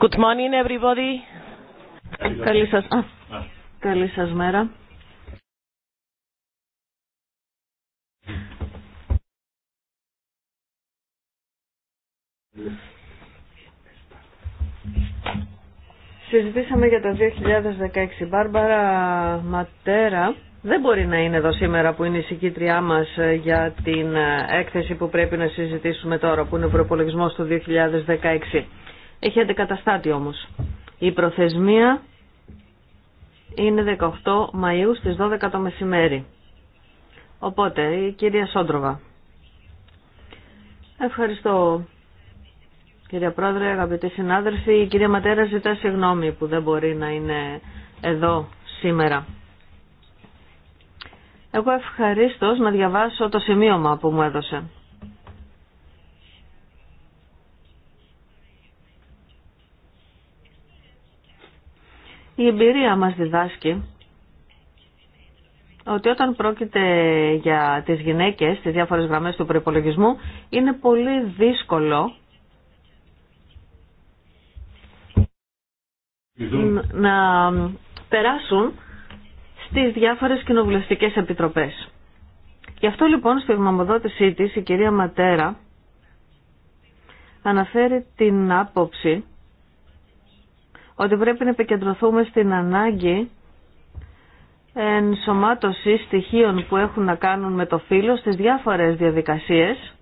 Good morning everybody. Καλή σας, α, καλή σας μέρα. Συζητήσαμε για το 2016. Μπάρμπαρα Ματέρα δεν μπορεί να είναι εδώ σήμερα που είναι η συγκήτριά μας ε, για την ε, έκθεση που πρέπει να συζητήσουμε τώρα που είναι ο προπολογισμός του 2016. Έχει αντικαταστάτη όμως. Η προθεσμία είναι 18 Μαΐου στις 12 το μεσημέρι. Οπότε, η κυρία Σόντροβα. Ευχαριστώ κυρία Πρόεδρε, αγαπητοί συνάδελφοι. Η κυρία Ματέρα ζητά συγγνώμη που δεν μπορεί να είναι εδώ σήμερα. Εγώ ευχαρίστως να διαβάσω το σημείωμα που μου έδωσε. Η εμπειρία μας διδάσκει ότι όταν πρόκειται για τις γυναίκες στις διάφορες γραμμές του προϋπολογισμού είναι πολύ δύσκολο να περάσουν στις διάφορες κοινοβουλευτικές επιτροπές. Γι' αυτό λοιπόν στη γνωμοδότησή της η κυρία Ματέρα αναφέρει την άποψη ότι πρέπει να επικεντρωθούμε στην ανάγκη ενσωμάτωση στοιχείων που έχουν να κάνουν με το φύλλο στις διάφορες διαδικασίες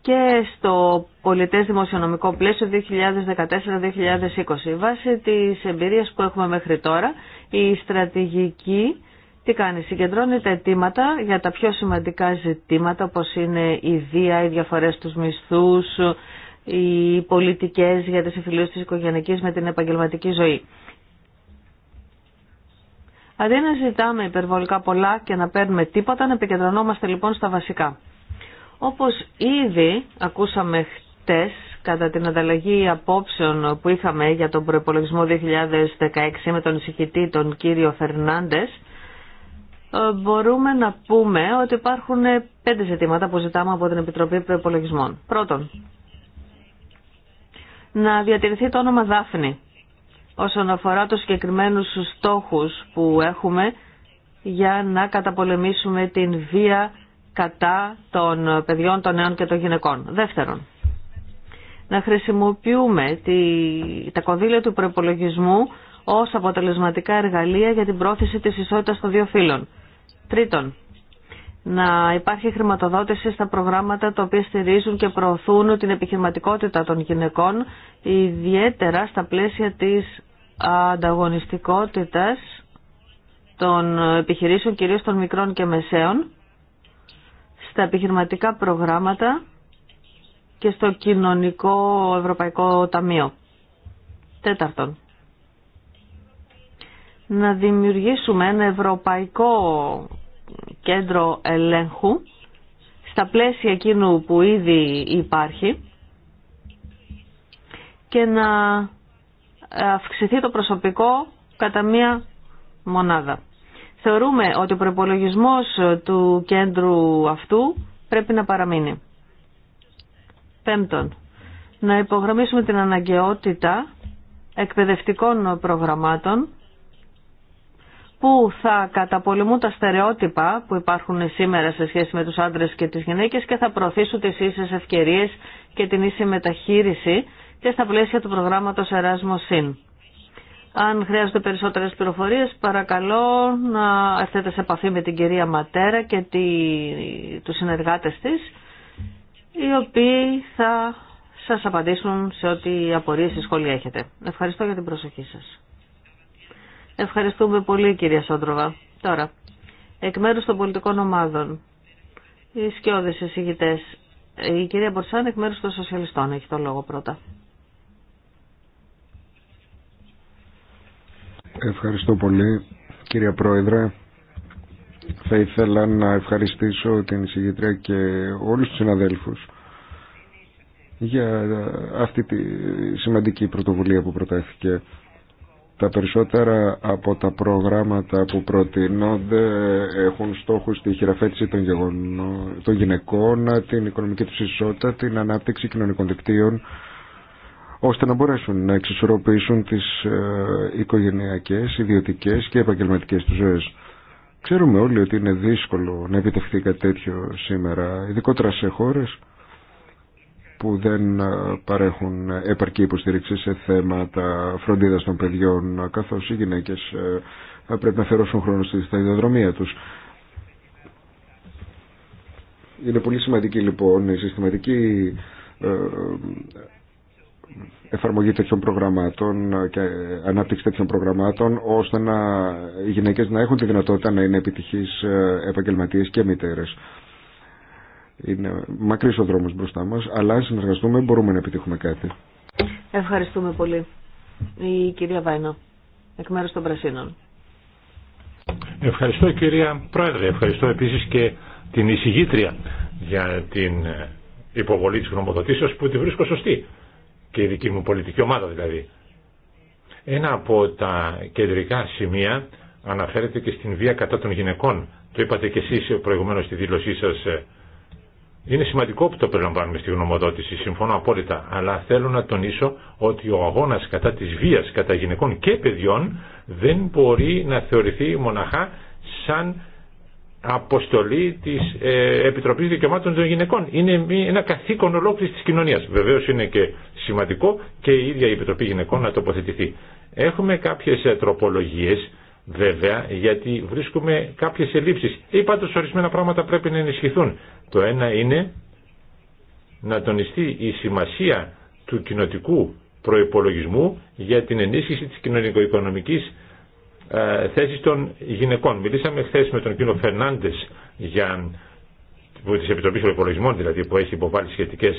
και στο πολιτές δημοσιονομικό πλαίσιο 2014-2020. Βάσει της εμπειρίας που έχουμε μέχρι τώρα, η στρατηγική τι κάνει, συγκεντρώνει τα αιτήματα για τα πιο σημαντικά ζητήματα όπως είναι η βία, οι διαφορές στους μισθούς, οι πολιτικές για τις συμφιλίωση της οικογενειακής με την επαγγελματική ζωή. Αντί να ζητάμε υπερβολικά πολλά και να παίρνουμε τίποτα, να επικεντρωνόμαστε λοιπόν στα βασικά. Όπως ήδη ακούσαμε χτες κατά την ανταλλαγή απόψεων που είχαμε για τον προπολογισμό 2016 με τον εισηγητή τον κύριο Φερνάντες, ε, μπορούμε να πούμε ότι υπάρχουν πέντε ζητήματα που ζητάμε από την Επιτροπή Προπολογισμών. Πρώτον, να διατηρηθεί το όνομα Δάφνη όσον αφορά τους συγκεκριμένους στόχους που έχουμε για να καταπολεμήσουμε την βία κατά των παιδιών, των νέων και των γυναικών. Δεύτερον, να χρησιμοποιούμε τη, τα κονδύλια του προπολογισμού ως αποτελεσματικά εργαλεία για την πρόθεση της ισότητας των δύο φύλων. Τρίτον, να υπάρχει χρηματοδότηση στα προγράμματα τα οποία στηρίζουν και προωθούν την επιχειρηματικότητα των γυναικών, ιδιαίτερα στα πλαίσια της ανταγωνιστικότητας των επιχειρήσεων, κυρίως των μικρών και μεσαίων, στα επιχειρηματικά προγράμματα και στο κοινωνικό ευρωπαϊκό ταμείο. Τέταρτον, να δημιουργήσουμε ένα ευρωπαϊκό κέντρο ελέγχου στα πλαίσια εκείνου που ήδη υπάρχει και να αυξηθεί το προσωπικό κατά μία μονάδα. Θεωρούμε ότι ο προπολογισμό του κέντρου αυτού πρέπει να παραμείνει. Πέμπτον, να υπογραμμίσουμε την αναγκαιότητα εκπαιδευτικών προγραμμάτων που θα καταπολεμούν τα στερεότυπα που υπάρχουν σήμερα σε σχέση με τους άντρες και τις γυναίκες και θα προωθήσουν τις ίσες ευκαιρίες και την ίση μεταχείριση και στα πλαίσια του προγράμματος Erasmus Sin. Αν χρειάζονται περισσότερες πληροφορίες, παρακαλώ να έρθετε σε επαφή με την κυρία Ματέρα και τη, τους συνεργάτες της, οι οποίοι θα σας απαντήσουν σε ό,τι απορίες ή σχόλια έχετε. Ευχαριστώ για την προσοχή σας. Ευχαριστούμε πολύ κυρία Σόντροβα. Τώρα, εκ μέρους των πολιτικών ομάδων, οι σκιώδες εισηγητές, η κυρία Μπορσάν εκ μέρους των σοσιαλιστών έχει το λόγο πρώτα. Ευχαριστώ πολύ κυρία Πρόεδρε. Θα ήθελα να ευχαριστήσω την εισηγητρία και όλους τους συναδέλφους για αυτή τη σημαντική πρωτοβουλία που προτάθηκε. Τα περισσότερα από τα προγράμματα που προτείνονται έχουν στόχους στη χειραφέτηση των, γυναικών, την οικονομική του ισότητα, την ανάπτυξη κοινωνικών δικτύων, ώστε να μπορέσουν να εξισορροπήσουν τις ε, οικογενειακές, ιδιωτικές και επαγγελματικές τους ζωές. Ξέρουμε όλοι ότι είναι δύσκολο να επιτευχθεί κάτι τέτοιο σήμερα, ειδικότερα σε χώρες που δεν ε, παρέχουν επαρκή υποστήριξη σε θέματα φροντίδας των παιδιών καθώς οι γυναίκες ε, πρέπει να φερώσουν χρόνο στη σταδιοδρομία τους. Είναι πολύ σημαντική λοιπόν η συστηματική ε, εφαρμογή τέτοιων προγραμμάτων και ανάπτυξη τέτοιων προγραμμάτων ώστε να, οι γυναίκες να έχουν τη δυνατότητα να είναι επιτυχείς επαγγελματίες και μητέρες. Είναι μακρύς ο δρόμος μπροστά μας, αλλά αν συνεργαστούμε μπορούμε να επιτύχουμε κάτι. Ευχαριστούμε πολύ. Η κυρία Βάινα, εκ μέρου των Πρασίνων. Ευχαριστώ κυρία Πρόεδρε, ευχαριστώ επίσης και την εισηγήτρια για την υποβολή της γνωμοδοτήσεως που τη βρίσκω σωστή και η δική μου πολιτική ομάδα δηλαδή. Ένα από τα κεντρικά σημεία αναφέρεται και στην βία κατά των γυναικών. Το είπατε και εσείς προηγουμένως στη δήλωσή σας ε, είναι σημαντικό που το περιλαμβάνουμε στη γνωμοδότηση, συμφωνώ απόλυτα, αλλά θέλω να τονίσω ότι ο αγώνας κατά της βίας κατά γυναικών και παιδιών δεν μπορεί να θεωρηθεί μοναχά σαν αποστολή της ε, Επιτροπής Δικαιωμάτων των Γυναικών. Είναι ένα καθήκον ολόκληρης της κοινωνίας. Βεβαίως είναι και σημαντικό και η ίδια η Επιτροπή Γυναικών να τοποθετηθεί. Έχουμε κάποιες ε, τροπολογίες βέβαια γιατί βρίσκουμε κάποιες ελλείψεις ή πάντως ορισμένα πράγματα πρέπει να ενισχυθούν. Το ένα είναι να τονιστεί η σημασία του κοινοτικού προϋπολογισμού για την ενίσχυση της κοινωνικο-οικονομικής ε, θέσης των γυναικών. Μιλήσαμε χθε με τον κύριο Φερνάντες για τη Επιτροπή Προπολογισμών, δηλαδή που έχει υποβάλει σχετικέ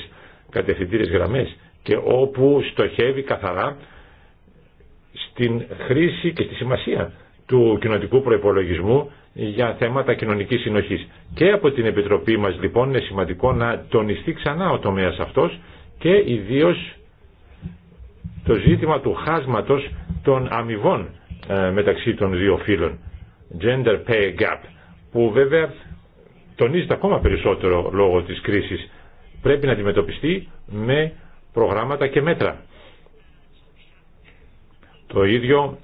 κατευθυντήριε γραμμέ και όπου στοχεύει καθαρά στην χρήση και στη σημασία του κοινοτικού προϋπολογισμού για θέματα κοινωνικής συνοχής. Και από την Επιτροπή μας λοιπόν είναι σημαντικό να τονιστεί ξανά ο τομέας αυτός και ιδίως το ζήτημα του χάσματος των αμοιβών ε, μεταξύ των δύο φύλων. Gender Pay Gap που βέβαια τονίζεται ακόμα περισσότερο λόγω της κρίσης πρέπει να αντιμετωπιστεί με προγράμματα και μέτρα. Το ίδιο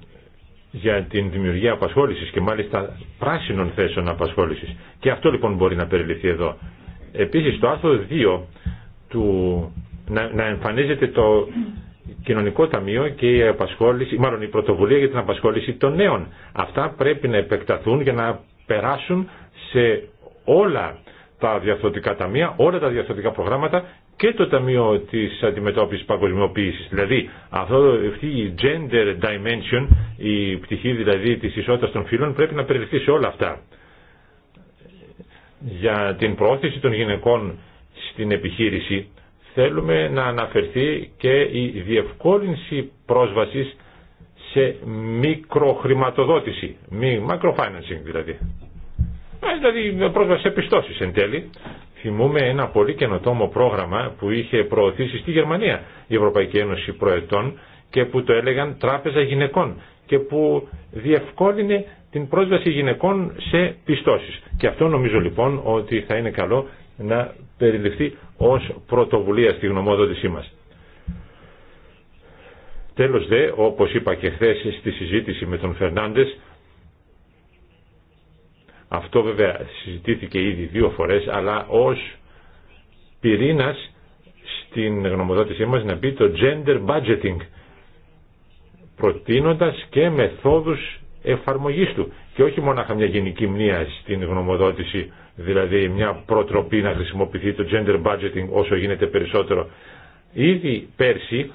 για την δημιουργία απασχόλησης και μάλιστα πράσινων θέσεων απασχόληση. Και αυτό λοιπόν μπορεί να περιληφθεί εδώ. Επίσης το άρθρο 2 του, να, να εμφανίζεται το κοινωνικό ταμείο και η απασχόληση, μάλλον η πρωτοβουλία για την απασχόληση των νέων. Αυτά πρέπει να επεκταθούν για να περάσουν σε όλα τα διαφθορτικά ταμεία, όλα τα διαφθορτικά προγράμματα και το Ταμείο της Αντιμετώπισης Παγκοσμιοποίησης. Δηλαδή αυτό, αυτή η gender dimension, η πτυχή δηλαδή της ισότητας των φύλων πρέπει να περιληφθεί σε όλα αυτά. Για την πρόθεση των γυναικών στην επιχείρηση θέλουμε να αναφερθεί και η διευκόλυνση πρόσβασης σε μικροχρηματοδότηση, microfinancing δηλαδή. Ε, δηλαδή πρόσβαση σε πιστώσεις εν τέλει, θυμούμε ένα πολύ καινοτόμο πρόγραμμα που είχε προωθήσει στη Γερμανία η Ευρωπαϊκή Ένωση προετών και που το έλεγαν τράπεζα γυναικών και που διευκόλυνε την πρόσβαση γυναικών σε πιστώσεις. Και αυτό νομίζω λοιπόν ότι θα είναι καλό να περιληφθεί ως πρωτοβουλία στη γνωμόδοτησή μας. Τέλος δε, όπως είπα και χθε στη συζήτηση με τον Φερνάντες, αυτό βέβαια συζητήθηκε ήδη δύο φορές, αλλά ως πυρήνας στην γνωμοδότησή μας να πει το gender budgeting, προτείνοντας και μεθόδους εφαρμογής του. Και όχι μόνο μια γενική μνήμα στην γνωμοδότηση, δηλαδή μια προτροπή να χρησιμοποιηθεί το gender budgeting όσο γίνεται περισσότερο. Ήδη πέρσι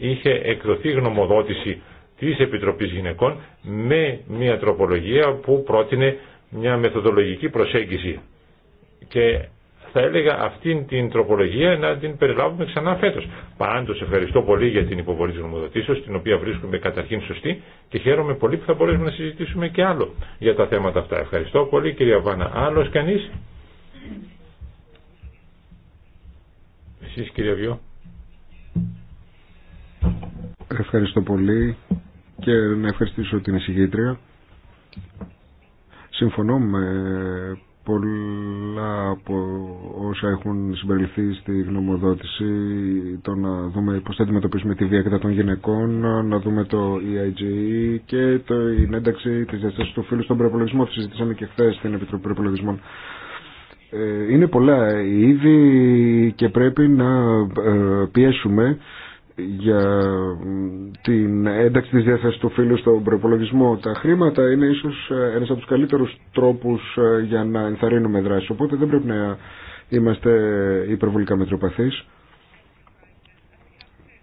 είχε εκδοθεί γνωμοδότηση της Επιτροπής Γυναικών με μια τροπολογία που πρότεινε μια μεθοδολογική προσέγγιση και θα έλεγα αυτήν την τροπολογία να την περιλάβουμε ξανά φέτο. Πάντω ευχαριστώ πολύ για την υποβολή τη νομοδοτήσεω, την οποία βρίσκουμε καταρχήν σωστή και χαίρομαι πολύ που θα μπορέσουμε να συζητήσουμε και άλλο για τα θέματα αυτά. Ευχαριστώ πολύ κυρία Βάνα. Άλλο κανεί. Εσεί κύριε Βιώ. Ευχαριστώ πολύ και να ευχαριστήσω την εισηγήτρια Συμφωνώ με πολλά από όσα έχουν συμπεριληφθεί στη γνωμοδότηση το να δούμε πώς θα αντιμετωπίσουμε τη βία κατά των γυναικών να δούμε το EIGE και το, την ένταξη της διαστάσης του φίλου στον προεπολογισμό. που συζητήσαμε και χθε στην Επιτροπή Προεπολογισμών. Ε, είναι πολλά ήδη και πρέπει να ε, πιέσουμε για την ένταξη της διάθεσης του φίλου στον προπολογισμό. Τα χρήματα είναι ίσως ε, ένας από τους καλύτερους τρόπους ε, για να ενθαρρύνουμε δράση, οπότε δεν πρέπει να είμαστε υπερβολικά μετροπαθείς.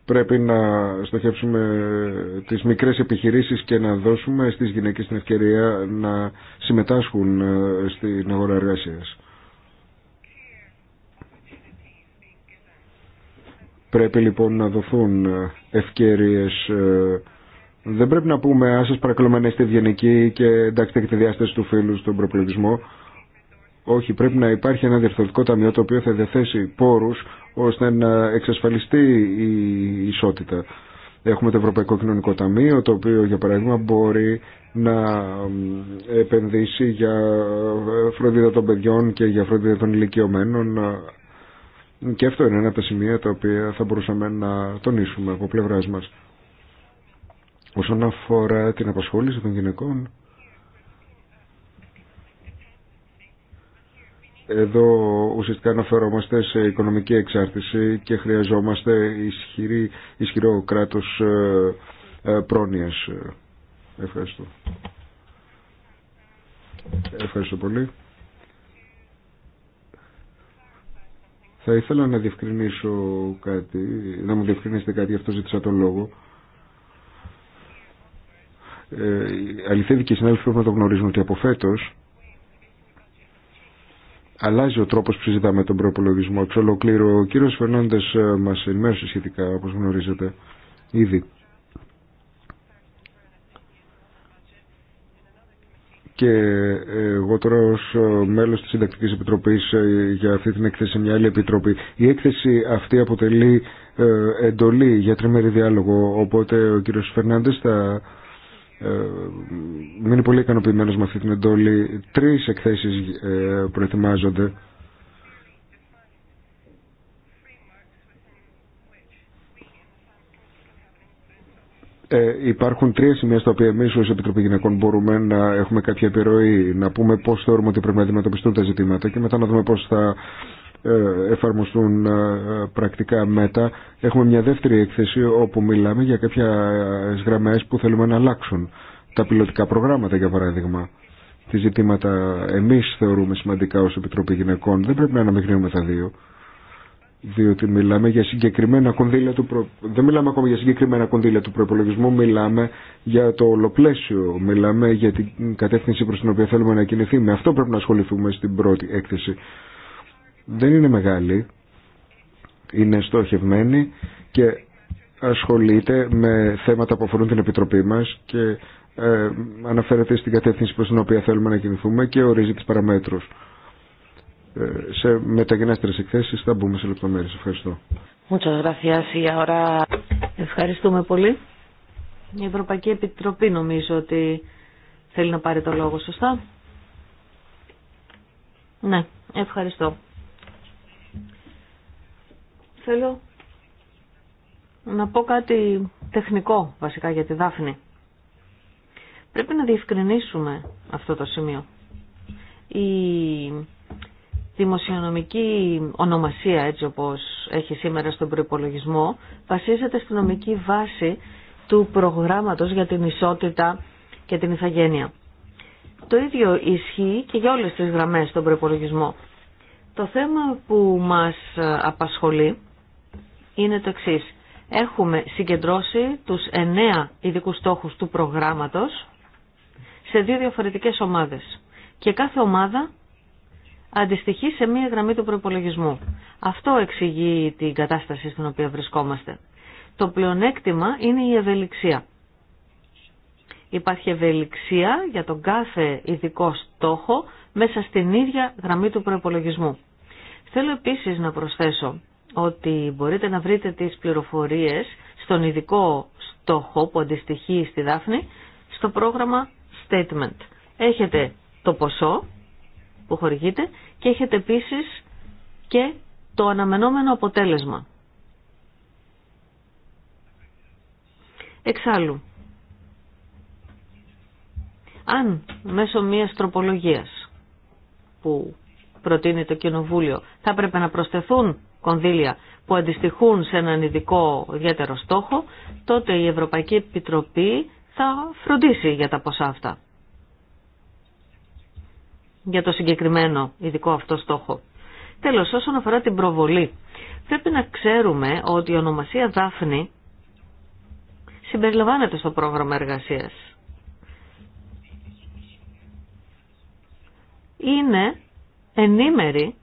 Πρέπει να στοχεύσουμε ε, τις μικρές επιχειρήσεις και να δώσουμε στις γυναίκες την ευκαιρία να συμμετάσχουν στην αγορά εργασίας. Πρέπει λοιπόν να δοθούν ε, ευκαιρίες. Ε, δεν πρέπει να πούμε «Α σας παρακαλούμε να είστε ευγενικοί και εντάξει και τη διάσταση του φίλου στον προπολογισμό». Όχι, πρέπει να υπάρχει ένα διευθυντικό ταμείο το οποίο θα διαθέσει πόρους ώστε να εξασφαλιστεί η ισότητα. Έχουμε το Ευρωπαϊκό Κοινωνικό Ταμείο, το οποίο για παράδειγμα μπορεί να επενδύσει για φροντίδα των παιδιών και για φροντίδα των ηλικιωμένων, και αυτό είναι ένα από τα σημεία τα οποία θα μπορούσαμε να τονίσουμε από πλευρά μα. Όσον αφορά την απασχόληση των γυναικών, εδώ ουσιαστικά αναφερόμαστε σε οικονομική εξάρτηση και χρειαζόμαστε ισχυρή, ισχυρό κράτος ε, ε, πρόνοιας. Ευχαριστώ. Ευχαριστώ πολύ. Θα ήθελα να διευκρινίσω κάτι, να μου διευκρινίσετε κάτι, γι' αυτό ζήτησα τον λόγο. Ε, αληθεύει και οι συνάδελφοι να το γνωρίζουν ότι από φέτο αλλάζει ο τρόπο που συζητάμε τον προπολογισμό. Εξ ολοκλήρω, ο κύριο Φερνάντε ε, μα ενημέρωσε σχετικά, όπω γνωρίζετε, ήδη. και ε, εγώ τώρα ως ε, μέλος της Συντακτικής Επιτροπής ε, για αυτή την έκθεση σε μια άλλη επιτροπή. Η έκθεση αυτή αποτελεί εντολή για τριμερή διάλογο, οπότε ο κύριος Φερνάντες θα μείνει πολύ ικανοποιημένος με αυτή την εντολή. Τρεις εκθέσεις προετοιμάζονται Ε, υπάρχουν τρία σημεία στα οποία εμεί ω Επιτροπή Γυναικών μπορούμε να έχουμε κάποια επιρροή, να πούμε πώ θεωρούμε ότι πρέπει να αντιμετωπιστούν τα ζητήματα και μετά να δούμε πώ θα ε, εφαρμοστούν ε, πρακτικά μετά. Έχουμε μια δεύτερη έκθεση όπου μιλάμε για κάποιε γραμμέ που θέλουμε να αλλάξουν. Τα πιλωτικά προγράμματα, για παράδειγμα. Τι ζητήματα εμεί θεωρούμε σημαντικά ω Επιτροπή Γυναικών. Δεν πρέπει να αναμειγνύουμε τα δύο διότι μιλάμε για συγκεκριμένα κονδύλια του προ... δεν μιλάμε ακόμα για συγκεκριμένα κονδύλια του προπολογισμού, μιλάμε για το ολοπλαίσιο, μιλάμε για την κατεύθυνση προς την οποία θέλουμε να κινηθεί. Με αυτό πρέπει να ασχοληθούμε στην πρώτη έκθεση. Δεν είναι μεγάλη, είναι στοχευμένη και ασχολείται με θέματα που αφορούν την Επιτροπή μας και ε, αναφέρεται στην κατεύθυνση προς την οποία θέλουμε να κινηθούμε και ορίζει τις παραμέτρους. Ε, σε μεταγενέστερες εκθέσεις θα μπούμε σε λεπτομέρειες. Ευχαριστώ. Ευχαριστούμε πολύ. Η Ευρωπαϊκή Επιτροπή νομίζω ότι θέλει να πάρει το λόγο, σωστά. Ναι, ευχαριστώ. Θέλω να πω κάτι τεχνικό βασικά για τη Δάφνη. Πρέπει να διευκρινίσουμε αυτό το σημείο. Η δημοσιονομική ονομασία έτσι όπως έχει σήμερα στον προϋπολογισμό βασίζεται στην νομική βάση του προγράμματος για την ισότητα και την ηθαγένεια. Το ίδιο ισχύει και για όλες τις γραμμές στον προϋπολογισμό. Το θέμα που μας απασχολεί είναι το εξή. Έχουμε συγκεντρώσει τους εννέα ειδικούς στόχους του προγράμματος σε δύο διαφορετικές ομάδες. Και κάθε ομάδα αντιστοιχεί σε μία γραμμή του προπολογισμού. Αυτό εξηγεί την κατάσταση στην οποία βρισκόμαστε. Το πλεονέκτημα είναι η ευελιξία. Υπάρχει ευελιξία για τον κάθε ειδικό στόχο μέσα στην ίδια γραμμή του προπολογισμού. Θέλω επίσης να προσθέσω ότι μπορείτε να βρείτε τις πληροφορίες στον ειδικό στόχο που αντιστοιχεί στη Δάφνη στο πρόγραμμα Statement. Έχετε το ποσό που και έχετε επίση και το αναμενόμενο αποτέλεσμα. Εξάλλου, αν μέσω μιας τροπολογίας που προτείνει το Κοινοβούλιο θα έπρεπε να προσθεθούν κονδύλια που αντιστοιχούν σε έναν ειδικό ιδιαίτερο στόχο, τότε η Ευρωπαϊκή Επιτροπή θα φροντίσει για τα ποσά αυτά για το συγκεκριμένο ειδικό αυτό στόχο. Τέλος, όσον αφορά την προβολή, πρέπει να ξέρουμε ότι η ονομασία Δάφνη συμπεριλαμβάνεται στο πρόγραμμα εργασίας. Είναι ενήμεροι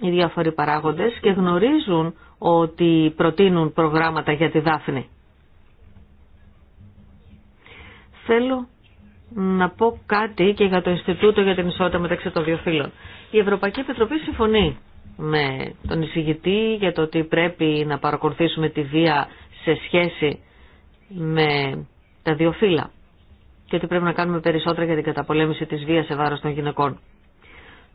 οι διάφοροι παράγοντες και γνωρίζουν ότι προτείνουν προγράμματα για τη Δάφνη. Θέλω να πω κάτι και για το Ινστιτούτο για την Ισότητα μεταξύ των δύο Η Ευρωπαϊκή Επιτροπή συμφωνεί με τον εισηγητή για το ότι πρέπει να παρακολουθήσουμε τη βία σε σχέση με τα δύο φύλλα και ότι πρέπει να κάνουμε περισσότερα για την καταπολέμηση της βίας σε βάρος των γυναικών.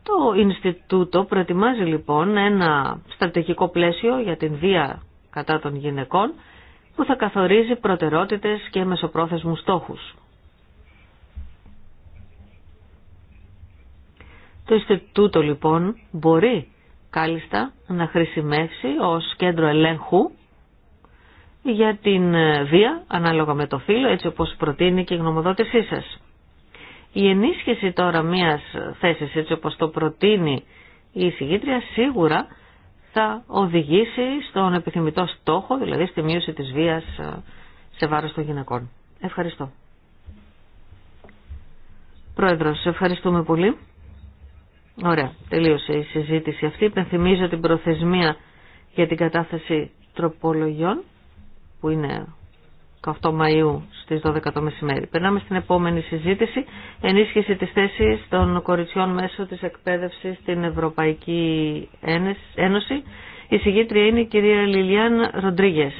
Το Ινστιτούτο προετοιμάζει λοιπόν ένα στρατηγικό πλαίσιο για την βία κατά των γυναικών που θα καθορίζει προτερότητες και μεσοπρόθεσμους στόχους. Το τούτο λοιπόν μπορεί κάλλιστα να χρησιμεύσει ως κέντρο ελέγχου για την ε, βία ανάλογα με το φύλλο έτσι όπως προτείνει και η γνωμοδότησή σας. Η ενίσχυση τώρα μιας θέσης έτσι όπως το προτείνει η συγκήτρια σίγουρα θα οδηγήσει στον επιθυμητό στόχο, δηλαδή στη μείωση της βίας ε, σε βάρος των γυναικών. Ευχαριστώ. Πρόεδρος, ευχαριστούμε πολύ. Ωραία, τελείωσε η συζήτηση αυτή. Υπενθυμίζω την προθεσμία για την κατάθεση τροπολογιών, που είναι 8 Μαΐου στις 12 το μεσημέρι. Περνάμε στην επόμενη συζήτηση, ενίσχυση της θέσης των κοριτσιών μέσω της εκπαίδευσης στην Ευρωπαϊκή Ένωση. Η συγγήτρια είναι η κυρία Λιλιάν Ροντρίγε,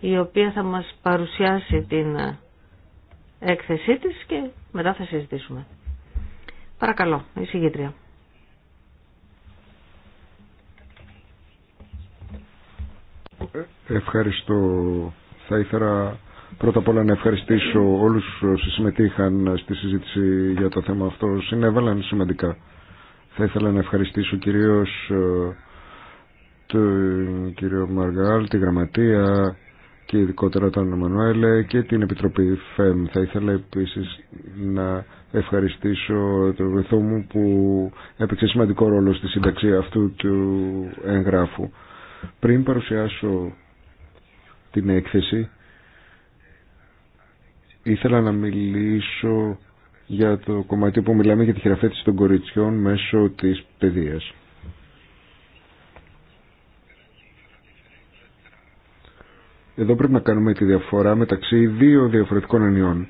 η οποία θα μας παρουσιάσει την έκθεσή της και μετά θα συζητήσουμε. Παρακαλώ, η συγγήτρια. Ευχαριστώ. Θα ήθελα πρώτα απ' όλα να ευχαριστήσω όλους όσοι συμμετείχαν στη συζήτηση για το θέμα αυτό. Συνέβαλαν σημαντικά. Θα ήθελα να ευχαριστήσω κυρίως ε, τον κύριο Μαργάλ, τη Γραμματεία και ειδικότερα τον Μανουέλε και την Επιτροπή ΦΕΜ. Θα ήθελα επίσης να ευχαριστήσω τον βρεθό μου που έπαιξε σημαντικό ρόλο στη συνταξία αυτού του εγγράφου. Πριν παρουσιάσω την έκθεση, ήθελα να μιλήσω για το κομμάτι που μιλάμε για τη χειραφέτηση των κοριτσιών μέσω της παιδείας. Εδώ πρέπει να κάνουμε τη διαφορά μεταξύ δύο διαφορετικών ενιών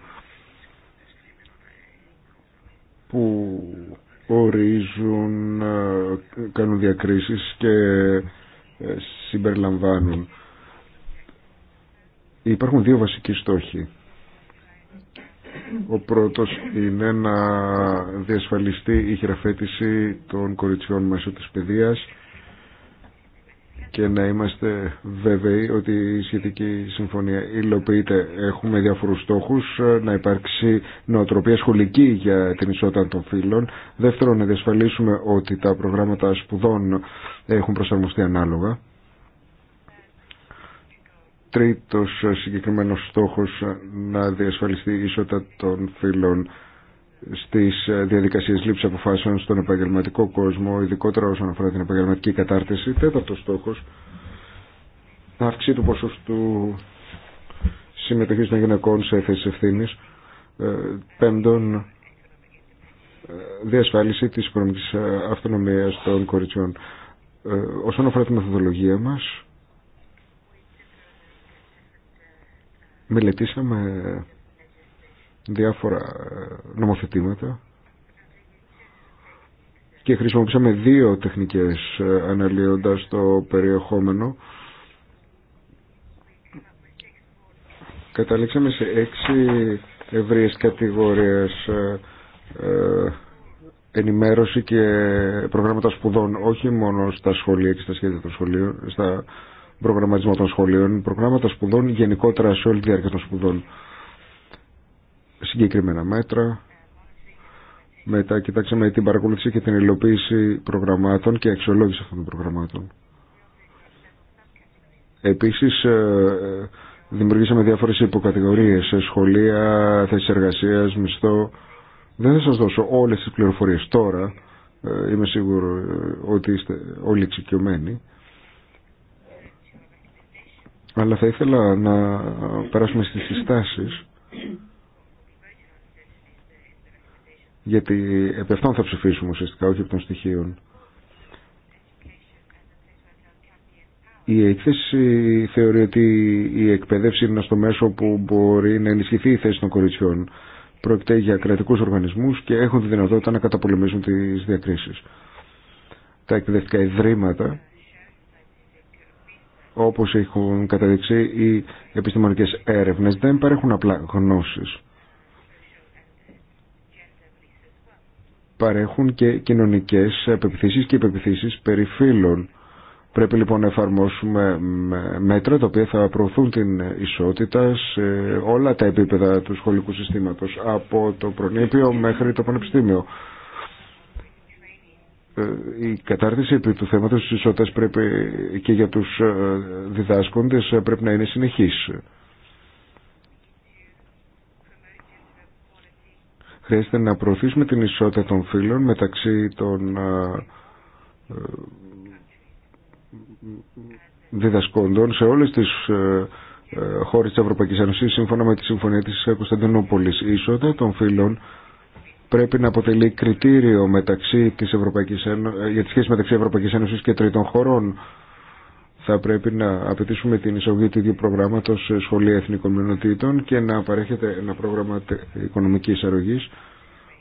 που ορίζουν, ε, κάνουν διακρίσεις και ε, συμπεριλαμβάνουν. Υπάρχουν δύο βασικοί στόχοι. Ο πρώτος είναι να διασφαλιστεί η χειραφέτηση των κοριτσιών μέσω της παιδείας και να είμαστε βέβαιοι ότι η σχετική συμφωνία υλοποιείται. Έχουμε διάφορου στόχου ε, να υπάρξει νοοτροπία σχολική για την ισότητα των φύλων. Δεύτερον, να διασφαλίσουμε ότι τα προγράμματα σπουδών έχουν προσαρμοστεί ανάλογα. Τρίτος ε, συγκεκριμένος στόχος ε, να διασφαλιστεί η ισότητα των φύλων Στι ε, διαδικασίε λήψη αποφάσεων στον επαγγελματικό κόσμο, ειδικότερα όσον αφορά την επαγγελματική κατάρτιση. Τέταρτος στόχος, αύξηση του ποσοστού συμμετοχή των γυναικών σε θέσει ευθύνη. Ε, πέμπτον, ε, διασφάλιση της οικονομική αυτονομία των κοριτσιών. Όσον αφορά τη μεθοδολογία μας, μελετήσαμε διάφορα ε, νομοθετήματα και χρησιμοποίησαμε δύο τεχνικές ε, αναλύοντας το περιεχόμενο. Καταλήξαμε σε έξι ευρείες κατηγορίες ε, ενημέρωση και προγράμματα σπουδών όχι μόνο στα σχολεία και στα σχέδια των σχολείων, στα προγραμματισμό των σχολείων, προγράμματα σπουδών γενικότερα σε όλη τη διάρκεια των σπουδών συγκεκριμένα μέτρα. Μετά κοιτάξαμε την παρακολούθηση και την υλοποίηση προγραμμάτων και αξιολόγηση αυτών των προγραμμάτων. Επίσης ε, δημιουργήσαμε διάφορες υποκατηγορίες, σχολεία, θέσεις εργασία, μισθό. Δεν θα σας δώσω όλες τις πληροφορίες τώρα, ε, είμαι σίγουρο ε, ότι είστε όλοι εξοικειωμένοι. Αλλά θα ήθελα να περάσουμε στις συστάσεις γιατί επ' αυτών θα ψηφίσουμε ουσιαστικά, όχι επί των στοιχείων. Η έκθεση θεωρεί ότι η εκπαίδευση είναι στο μέσο που μπορεί να ενισχυθεί η θέση των κοριτσιών. Πρόκειται για κρατικού οργανισμού και έχουν τη δυνατότητα να καταπολεμήσουν τι διακρίσει. Τα εκπαιδευτικά ιδρύματα, όπω έχουν καταδείξει οι επιστημονικέ έρευνε, δεν παρέχουν απλά γνώσει. παρέχουν και κοινωνικές επεπιθήσεις και επεπιθήσεις περί φύλων. Πρέπει λοιπόν να εφαρμόσουμε μέτρα τα οποία θα προωθούν την ισότητα σε όλα τα επίπεδα του σχολικού συστήματος, από το προνήπιο μέχρι το πανεπιστήμιο. Ε, η κατάρτιση του θέματος της ισότητας πρέπει, και για τους ε, διδάσκοντες ε, πρέπει να είναι συνεχής. Χρειάζεται να προωθήσουμε την ισότητα των φύλων μεταξύ των ε, ε, διδασκόντων σε όλες τις ε, χώρες της Ευρωπαϊκής Ένωσης σύμφωνα με τη Συμφωνία της Κωνσταντινούπολης. Η ισότητα των φύλων πρέπει να αποτελεί κριτήριο μεταξύ της Ευρωπαϊκής για τη σχέση μεταξύ Ευρωπαϊκής Ένωσης και τρίτων χωρών θα πρέπει να απαιτήσουμε την εισαγωγή του ίδιου προγράμματο σε σχολεία εθνικών μειονοτήτων και να παρέχεται ένα πρόγραμμα οικονομική αρρωγή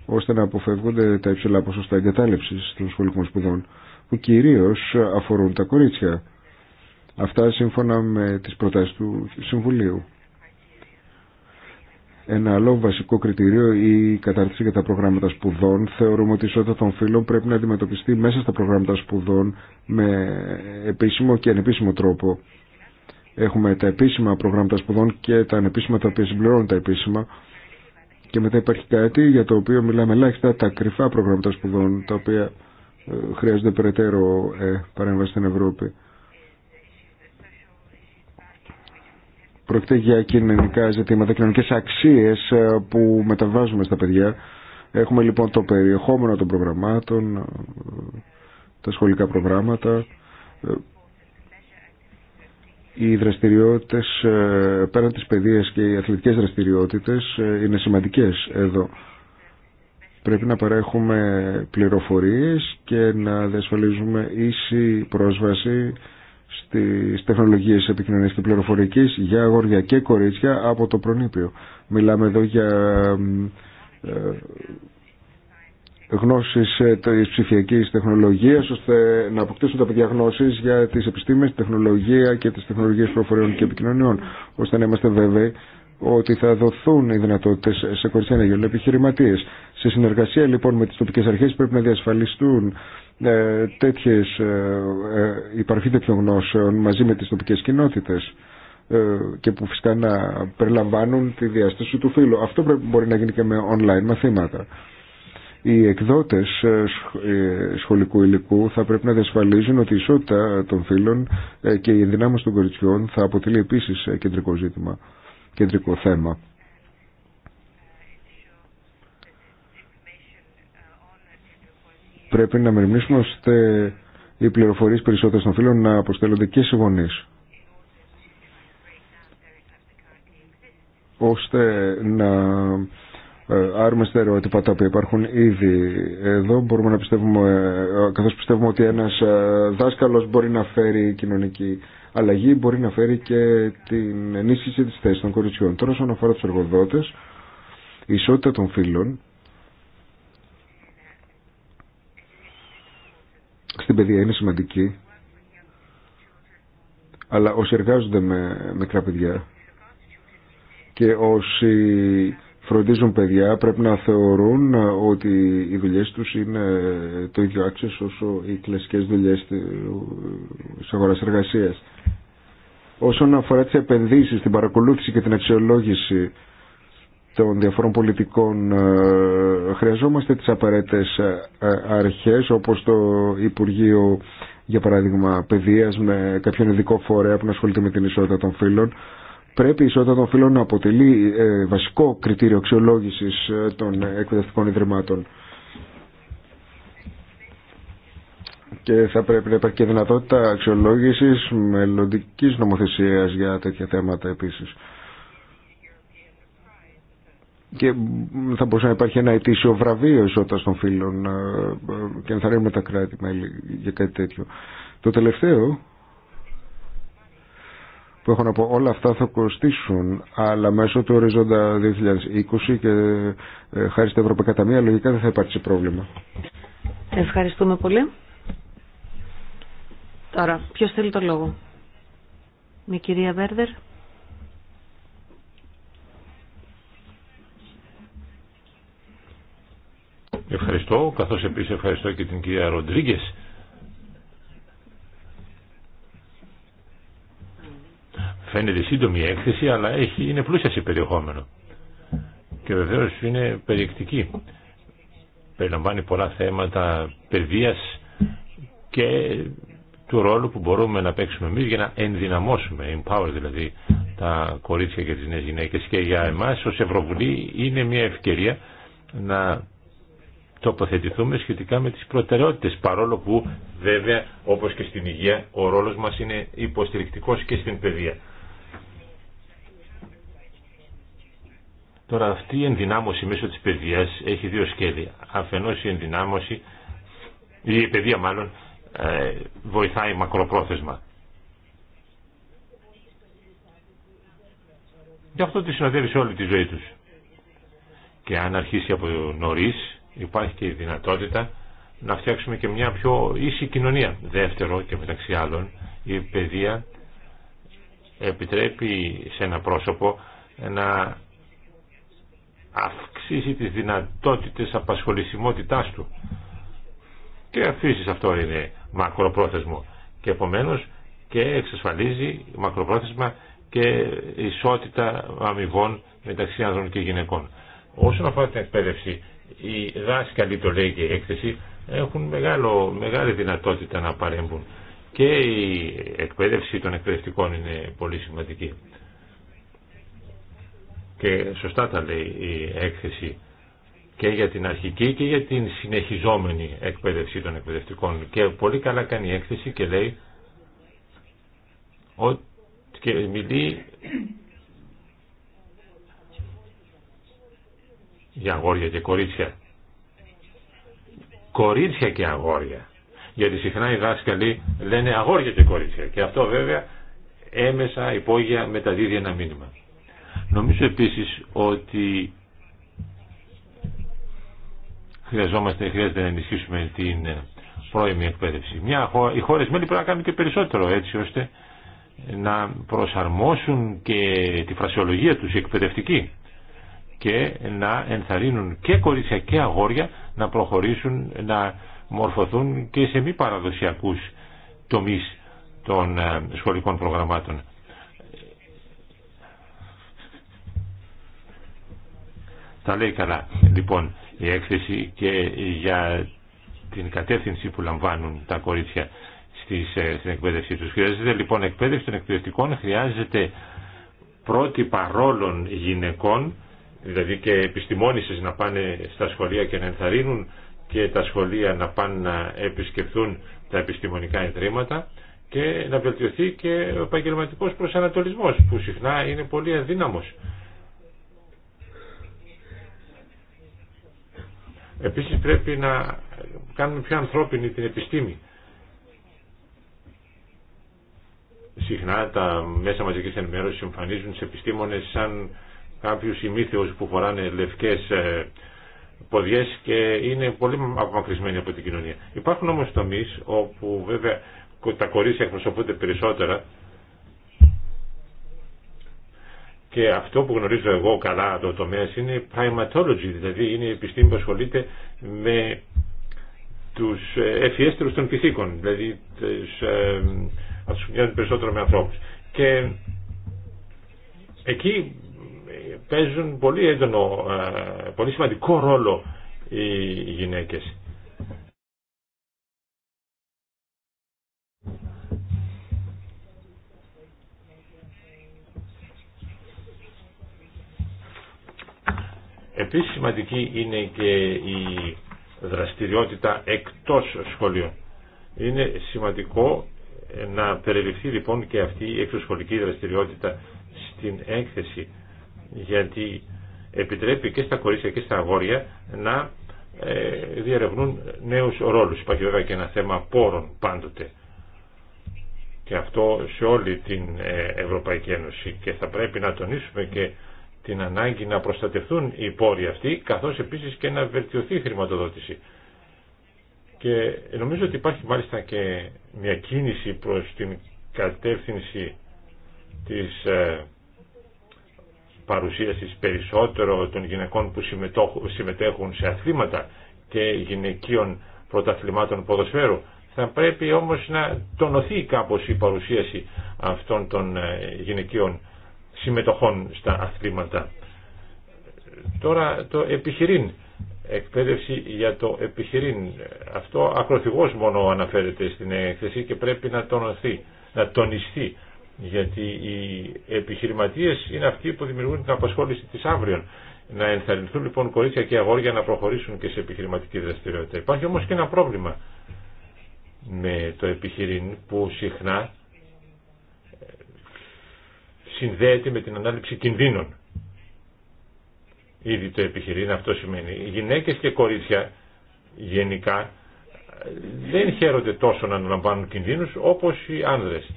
ώστε να αποφεύγονται τα υψηλά ποσοστά εγκατάλειψη των σχολικών σπουδών που κυρίω αφορούν τα κορίτσια. Αυτά σύμφωνα με τι προτάσει του Συμβουλίου. Ένα άλλο βασικό κριτήριο, η κατάρτιση για τα προγράμματα σπουδών. Θεωρούμε ότι η ισότητα των φύλων πρέπει να αντιμετωπιστεί μέσα στα προγράμματα σπουδών με επίσημο και ανεπίσημο τρόπο. Έχουμε τα επίσημα προγράμματα σπουδών και τα ανεπίσημα τα οποία συμπληρώνουν τα επίσημα. Και μετά υπάρχει κάτι για το οποίο μιλάμε ελάχιστα, τα κρυφά προγράμματα σπουδών, τα οποία ε, χρειάζονται περαιτέρω ε, παρέμβαση στην Ευρώπη. Πρόκειται για κοινωνικά ζητήματα, κοινωνικέ αξίες ε, που μεταβάζουμε στα παιδιά. Έχουμε λοιπόν το περιεχόμενο των προγραμμάτων, ε, τα σχολικά προγράμματα, ε, οι δραστηριότητες πέραν της παιδεία και οι αθλητικές δραστηριότητε είναι σημαντικές εδώ. Πρέπει να παρέχουμε πληροφορίες και να διασφαλίζουμε ίση πρόσβαση στις τεχνολογίες επικοινωνίας και πληροφορικής για αγόρια και κορίτσια από το προνήπιο. Μιλάμε εδώ για ε, γνώσεις ε, της ψηφιακής τεχνολογίας ώστε να αποκτήσουν τα παιδιά γνώσεις για τις επιστήμες, τη τεχνολογία και τις τεχνολογίες προφοριών και επικοινωνιών ώστε να είμαστε βέβαιοι ότι θα δοθούν οι δυνατότητε σε κορυφαία να επιχειρηματίε. Σε συνεργασία λοιπόν με τι τοπικέ αρχέ πρέπει να διασφαλιστούν ε, τέτοιες, ε, ε υπαρχή τέτοιων γνώσεων μαζί με τι τοπικέ κοινότητε ε, και που φυσικά να περιλαμβάνουν τη διάσταση του φύλου. Αυτό πρέπει, μπορεί να γίνει και με online μαθήματα. Οι εκδότες ε, σχολικού υλικού θα πρέπει να διασφαλίζουν ότι η ισότητα των φύλων και η ενδυνάμωση των κοριτσιών θα αποτελεί επίση κεντρικό ζήτημα κεντρικό θέμα. Πρέπει να μεριμνήσουμε ώστε οι πληροφορίες περισσότερες των φίλων να αποστέλλονται και σε γονείς. ώστε να ε, άρουμε στερεότυπα τα οποία υπάρχουν ήδη. Εδώ μπορούμε να πιστεύουμε, ε, καθώς πιστεύουμε ότι ένας ε, δάσκαλος μπορεί να φέρει κοινωνική αλλαγή μπορεί να φέρει και την ενίσχυση της θέσης των κοριτσιών. Τώρα όσον αφορά τους εργοδότες, η ισότητα των φύλων στην παιδεία είναι σημαντική, αλλά όσοι εργάζονται με μικρά παιδιά και όσοι φροντίζουν παιδιά πρέπει να θεωρούν ε, ότι οι δουλειές τους είναι το ίδιο άξιος όσο οι κλασικές δουλειές ε, της αγοράς εργασίας. Όσον αφορά τις επενδύσεις, την παρακολούθηση και την αξιολόγηση των διαφορών πολιτικών ε, χρειαζόμαστε τις απαραίτητες αρχές όπως το Υπουργείο για παράδειγμα παιδείας με κάποιον ειδικό φορέα που να ασχολείται με την ισότητα των φύλων Πρέπει η ισότητα των φύλων να αποτελεί ε, βασικό κριτήριο αξιολόγηση ε, των εκπαιδευτικών ιδρυμάτων. Και θα πρέπει να υπάρχει και δυνατότητα αξιολόγηση μελλοντική νομοθεσία για τέτοια θέματα επίση. Και θα μπορούσε να υπάρχει ένα ετήσιο βραβείο ισότητα των φύλων ε, και να ρίχνουμε τα κράτη-μέλη για κάτι τέτοιο. Το τελευταίο που έχω να πω. Όλα αυτά θα κοστίσουν, αλλά μέσω του οριζόντα 2020 και ε, χάρη στην Ευρωπαϊκά Ταμεία λογικά δεν θα υπάρξει πρόβλημα. Ευχαριστούμε πολύ. Τώρα, ποιο θέλει το λόγο. Με κυρία Βέρδερ. Ευχαριστώ, καθώς επίσης ευχαριστώ και την κυρία Ροντρίγκες Φαίνεται σύντομη η έκθεση, αλλά έχει, είναι πλούσια σε περιεχόμενο. Και βεβαίω είναι περιεκτική. Περιλαμβάνει πολλά θέματα παιδεία και του ρόλου που μπορούμε να παίξουμε εμεί για να ενδυναμώσουμε, empower δηλαδή, τα κορίτσια και τι νέε γυναίκε. Και για εμά, ω Ευρωβουλή είναι μια ευκαιρία να τοποθετηθούμε σχετικά με τις προτεραιότητες παρόλο που βέβαια όπως και στην υγεία ο ρόλος μας είναι υποστηρικτικός και στην παιδεία. Τώρα αυτή η ενδυνάμωση μέσω της παιδείας έχει δύο σχέδια. Αφενός η ενδυνάμωση, η παιδεία μάλλον, ε, βοηθάει μακροπρόθεσμα. Γι' αυτό τη συνοδεύει σε όλη τη ζωή τους. Και αν αρχίσει από νωρί, υπάρχει και η δυνατότητα να φτιάξουμε και μια πιο ίση κοινωνία. Δεύτερο και μεταξύ άλλων, η παιδεία επιτρέπει σε ένα πρόσωπο να αυξήσει τις δυνατότητες απασχολησιμότητάς του. Και αφήσει αυτό είναι μακροπρόθεσμο. Και επομένως και εξασφαλίζει μακροπρόθεσμα και ισότητα αμοιβών μεταξύ ανδρών και γυναικών. Όσον αφορά την εκπαίδευση, οι δάσκαλοι, το λέει και η έκθεση, έχουν μεγάλο, μεγάλη δυνατότητα να παρέμβουν. Και η εκπαίδευση των εκπαιδευτικών είναι πολύ σημαντική και σωστά τα λέει η έκθεση και για την αρχική και για την συνεχιζόμενη εκπαίδευση των εκπαιδευτικών και πολύ καλά κάνει η έκθεση και λέει ότι και μιλεί για αγόρια και κορίτσια κορίτσια και αγόρια γιατί συχνά οι δάσκαλοι λένε αγόρια και κορίτσια και αυτό βέβαια έμεσα υπόγεια μεταδίδει ένα μήνυμα Νομίζω επίσης ότι χρειαζόμαστε, χρειάζεται να ενισχύσουμε την ε, πρώιμη εκπαίδευση. Μια, οι χώρες μέλη πρέπει να κάνουν και περισσότερο έτσι ώστε να προσαρμόσουν και τη φρασιολογία τους εκπαιδευτική και να ενθαρρύνουν και κορίτσια και αγόρια να προχωρήσουν, να μορφωθούν και σε μη παραδοσιακούς τομείς των ε, σχολικών προγραμμάτων. Τα λέει καλά. Λοιπόν, η έκθεση και για την κατεύθυνση που λαμβάνουν τα κορίτσια στις, ε, στην εκπαίδευσή τους. Χρειάζεται λοιπόν εκπαίδευση των εκπαιδευτικών, χρειάζεται πρότυπα ρόλων γυναικών, δηλαδή και επιστημόνισες να πάνε στα σχολεία και να ενθαρρύνουν και τα σχολεία να πάνε να επισκεφθούν τα επιστημονικά ιδρύματα και να βελτιωθεί και ο επαγγελματικό προσανατολισμός που συχνά είναι πολύ αδύναμος Επίσης πρέπει να κάνουμε πιο ανθρώπινη την επιστήμη. Συχνά τα μέσα μαζικής ενημέρωσης εμφανίζουν σε επιστήμονες σαν κάποιους ημίθεους που φοράνε λευκές ε, ποδιές και είναι πολύ απομακρυσμένοι από την κοινωνία. Υπάρχουν όμως τομείς όπου βέβαια τα κορίτσια εκπροσωπούνται περισσότερα και αυτό που γνωρίζω εγώ καλά το τομέα είναι primatology, δηλαδή είναι η επιστήμη που ασχολείται με τους ε, εφιέστερους των πυθίκων, δηλαδή ε, τους, ε, μοιάζουν περισσότερο με ανθρώπους. Και εκεί παίζουν πολύ έντονο, ε, πολύ σημαντικό ρόλο οι γυναίκες. Επίσης σημαντική είναι και η δραστηριότητα εκτός σχολείων. Είναι σημαντικό να περιληφθεί λοιπόν και αυτή η εξωσχολική δραστηριότητα στην έκθεση γιατί επιτρέπει και στα κορίτσια και στα αγόρια να ε, διαρευνούν νέους ρόλους. Υπάρχει βέβαια και ένα θέμα πόρων πάντοτε και αυτό σε όλη την ε, Ευρωπαϊκή Ένωση και θα πρέπει να τονίσουμε και την ανάγκη να προστατευτούν οι πόροι αυτοί, καθώς επίσης και να βελτιωθεί η χρηματοδότηση. Και νομίζω ότι υπάρχει μάλιστα και μια κίνηση προς την κατεύθυνση της ε, παρουσίασης περισσότερο των γυναικών που συμμετέχουν σε αθλήματα και γυναικείων πρωταθλημάτων ποδοσφαίρου. Θα πρέπει όμως να τονωθεί κάπως η παρουσίαση αυτών των ε, γυναικείων συμμετοχών στα αθλήματα. Τώρα το επιχειρήν, εκπαίδευση για το επιχειρήν. Αυτό ακροθυγώς μόνο αναφέρεται στην εκθεσή και πρέπει να τονωθεί, να τονιστεί. Γιατί οι επιχειρηματίες είναι αυτοί που δημιουργούν την απασχόληση της αύριο. Να ενθαρρυνθούν λοιπόν κορίτσια και αγόρια να προχωρήσουν και σε επιχειρηματική δραστηριότητα. Υπάρχει όμως και ένα πρόβλημα με το επιχειρήν που συχνά συνδέεται με την ανάληψη κινδύνων. Ήδη το επιχειρήν αυτό σημαίνει. Οι γυναίκες και κορίτσια γενικά δεν χαίρονται τόσο να αναλαμβάνουν κινδύνους όπως οι άνδρες.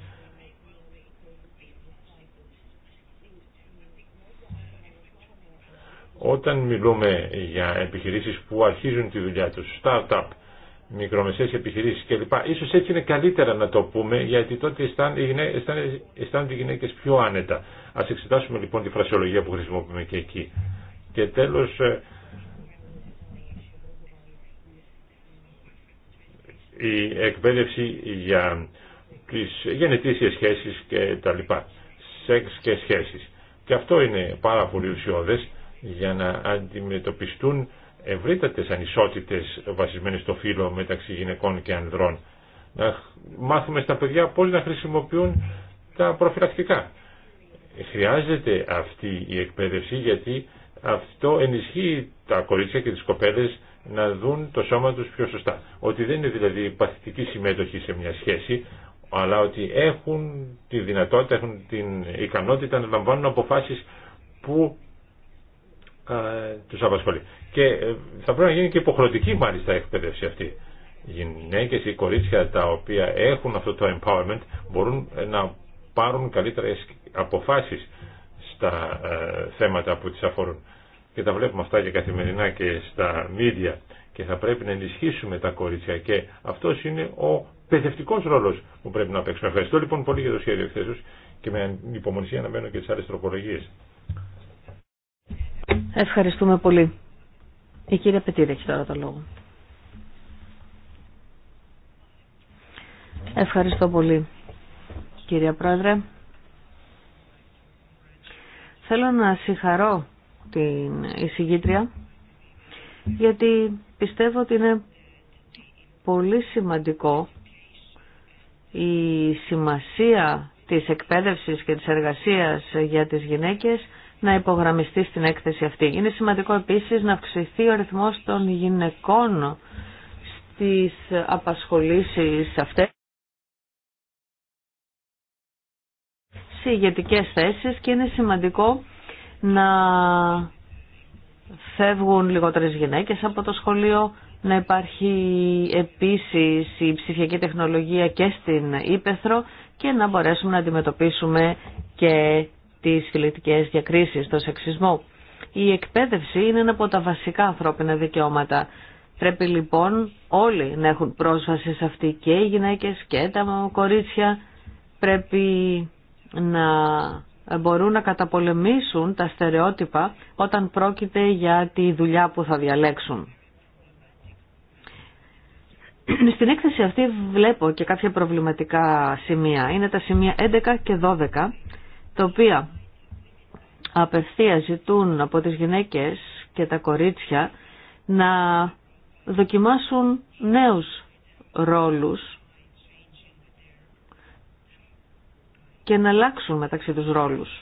Όταν μιλούμε για επιχειρήσεις που αρχίζουν τη δουλειά τους, startup, μικρομεσαίες επιχειρήσεις κλπ. Ίσως έτσι είναι καλύτερα να το πούμε γιατί τότε αισθάνονται οι γυναίκες πιο άνετα. Ας εξετάσουμε λοιπόν τη φρασιολογία που χρησιμοποιούμε και εκεί. Και τέλος ε, η εκπαίδευση για τις γενετήσιες σχέσεις και τα λοιπά. Σεξ και σχέσεις. Και αυτό είναι πάρα πολύ ουσιώδες για να αντιμετωπιστούν ευρύτατες ανισότητες βασισμένες στο φύλλο μεταξύ γυναικών και ανδρών. Να μάθουμε στα παιδιά πώς να χρησιμοποιούν τα προφυλακτικά. Χρειάζεται αυτή η εκπαίδευση γιατί αυτό ενισχύει τα κορίτσια και τις κοπέλες να δουν το σώμα τους πιο σωστά. Ότι δεν είναι δηλαδή παθητική συμμέτοχη σε μια σχέση, αλλά ότι έχουν τη δυνατότητα, έχουν την ικανότητα να λαμβάνουν αποφάσεις που του απασχολεί. Και ε, θα πρέπει να γίνει και υποχρεωτική μάλιστα εκπαίδευση αυτή. Γυναίκες ή κορίτσια τα οποία έχουν αυτό το empowerment μπορούν ε, να πάρουν καλύτερες αποφάσεις στα ε, θέματα που τις αφορούν. Και τα βλέπουμε αυτά και καθημερινά και στα media και θα πρέπει να ενισχύσουμε τα κορίτσια και αυτός είναι ο παιδευτικό ρόλο που πρέπει να παίξουμε. Ευχαριστώ λοιπόν πολύ για το σχέδιο χθε και με υπομονησία μένω και τι άλλε τροπολογίε. Ευχαριστούμε πολύ. Η κυρία Πετήρη έχει τώρα το λόγο. Ευχαριστώ πολύ, κυρία Πρόεδρε. Θέλω να συγχαρώ την εισηγήτρια, γιατί πιστεύω ότι είναι πολύ σημαντικό η σημασία της εκπαίδευσης και της εργασίας για τις γυναίκες να υπογραμμιστεί στην έκθεση αυτή. Είναι σημαντικό επίσης να αυξηθεί ο αριθμός των γυναικών στις απασχολήσεις αυτές σε ηγετικές θέσεις και είναι σημαντικό να φεύγουν λιγότερες γυναίκες από το σχολείο, να υπάρχει επίσης η ψηφιακή τεχνολογία και στην Ήπεθρο και να μπορέσουμε να αντιμετωπίσουμε και τις φιλετικές διακρίσεις, το σεξισμό. Η εκπαίδευση είναι ένα από τα βασικά ανθρώπινα δικαιώματα. Πρέπει λοιπόν όλοι να έχουν πρόσβαση σε αυτή και οι γυναίκες και τα κορίτσια πρέπει να μπορούν να καταπολεμήσουν τα στερεότυπα όταν πρόκειται για τη δουλειά που θα διαλέξουν. Στην έκθεση αυτή βλέπω και κάποια προβληματικά σημεία. Είναι τα σημεία 11 και 12 τα οποία απευθεία ζητούν από τις γυναίκες και τα κορίτσια να δοκιμάσουν νέους ρόλους και να αλλάξουν μεταξύ τους ρόλους.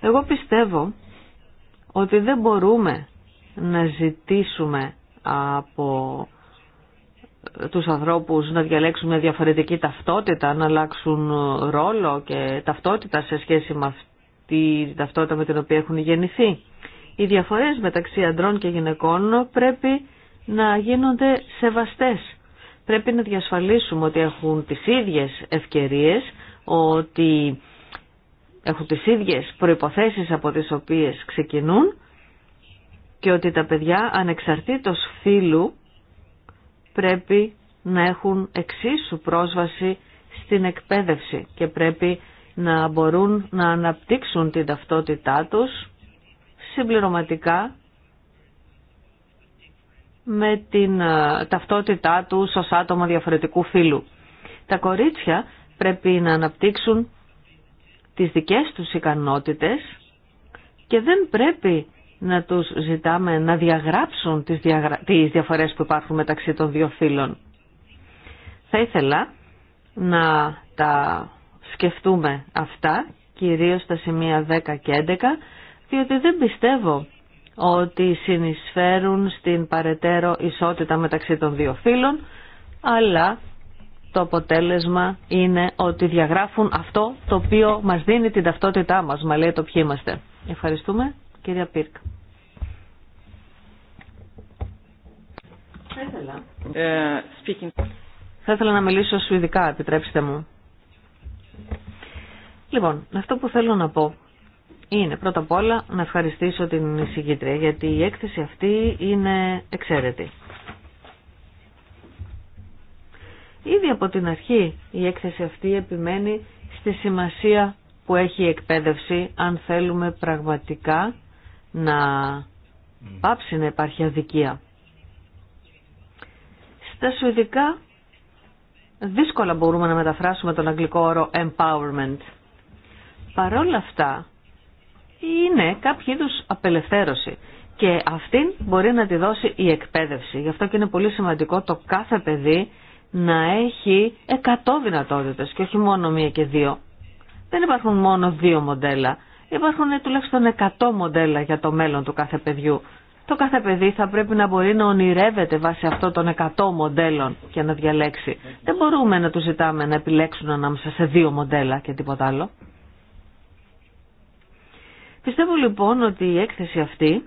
Εγώ πιστεύω ότι δεν μπορούμε να ζητήσουμε από τους ανθρώπους να διαλέξουν μια διαφορετική ταυτότητα, να αλλάξουν ρόλο και ταυτότητα σε σχέση με αυτή τη ταυτότητα με την οποία έχουν γεννηθεί. Οι διαφορές μεταξύ αντρών και γυναικών πρέπει να γίνονται σεβαστές. Πρέπει να διασφαλίσουμε ότι έχουν τις ίδιες ευκαιρίες, ότι έχουν τις ίδιες προϋποθέσεις από τις οποίες ξεκινούν και ότι τα παιδιά ανεξαρτήτως φύλου πρέπει να έχουν εξίσου πρόσβαση στην εκπαίδευση και πρέπει να μπορούν να αναπτύξουν την ταυτότητά τους συμπληρωματικά με την ε, ταυτότητά τους ως άτομα διαφορετικού φύλου. Τα κορίτσια πρέπει να αναπτύξουν τις δικές τους ικανότητες και δεν πρέπει να τους ζητάμε να διαγράψουν τις, διαγρα... διαφορές που υπάρχουν μεταξύ των δύο φύλων. Θα ήθελα να τα σκεφτούμε αυτά, κυρίως τα σημεία 10 και 11, διότι δεν πιστεύω ότι συνεισφέρουν στην παρετέρω ισότητα μεταξύ των δύο φύλων, αλλά το αποτέλεσμα είναι ότι διαγράφουν αυτό το οποίο μας δίνει την ταυτότητά μας, μα λέει το ποιοι είμαστε. Ευχαριστούμε. Κυρία Πίρκ. Θα ήθελα. Ε, να μιλήσω ειδικά, επιτρέψτε μου. Λοιπόν, αυτό που θέλω να πω είναι πρώτα απ' όλα να ευχαριστήσω την εισηγήτρια γιατί η έκθεση αυτή είναι εξαίρετη. Ήδη από την αρχή η έκθεση αυτή επιμένει στη σημασία που έχει η εκπαίδευση αν θέλουμε πραγματικά να πάψει να υπάρχει αδικία. Στα σουηδικά δύσκολα μπορούμε να μεταφράσουμε τον αγγλικό όρο empowerment. Παρόλα αυτά είναι κάποιο είδου απελευθέρωση και αυτήν μπορεί να τη δώσει η εκπαίδευση. Γι' αυτό και είναι πολύ σημαντικό το κάθε παιδί να έχει 100 δυνατότητες και όχι μόνο μία και δύο. Δεν υπάρχουν μόνο δύο μοντέλα. Υπάρχουν τουλάχιστον 100 μοντέλα για το μέλλον του κάθε παιδιού. Το κάθε παιδί θα πρέπει να μπορεί να ονειρεύεται βάσει αυτών των 100 μοντέλων και να διαλέξει. Δεν μπορούμε να του ζητάμε να επιλέξουν ανάμεσα σε δύο μοντέλα και τίποτα άλλο. Πιστεύω λοιπόν ότι η έκθεση αυτή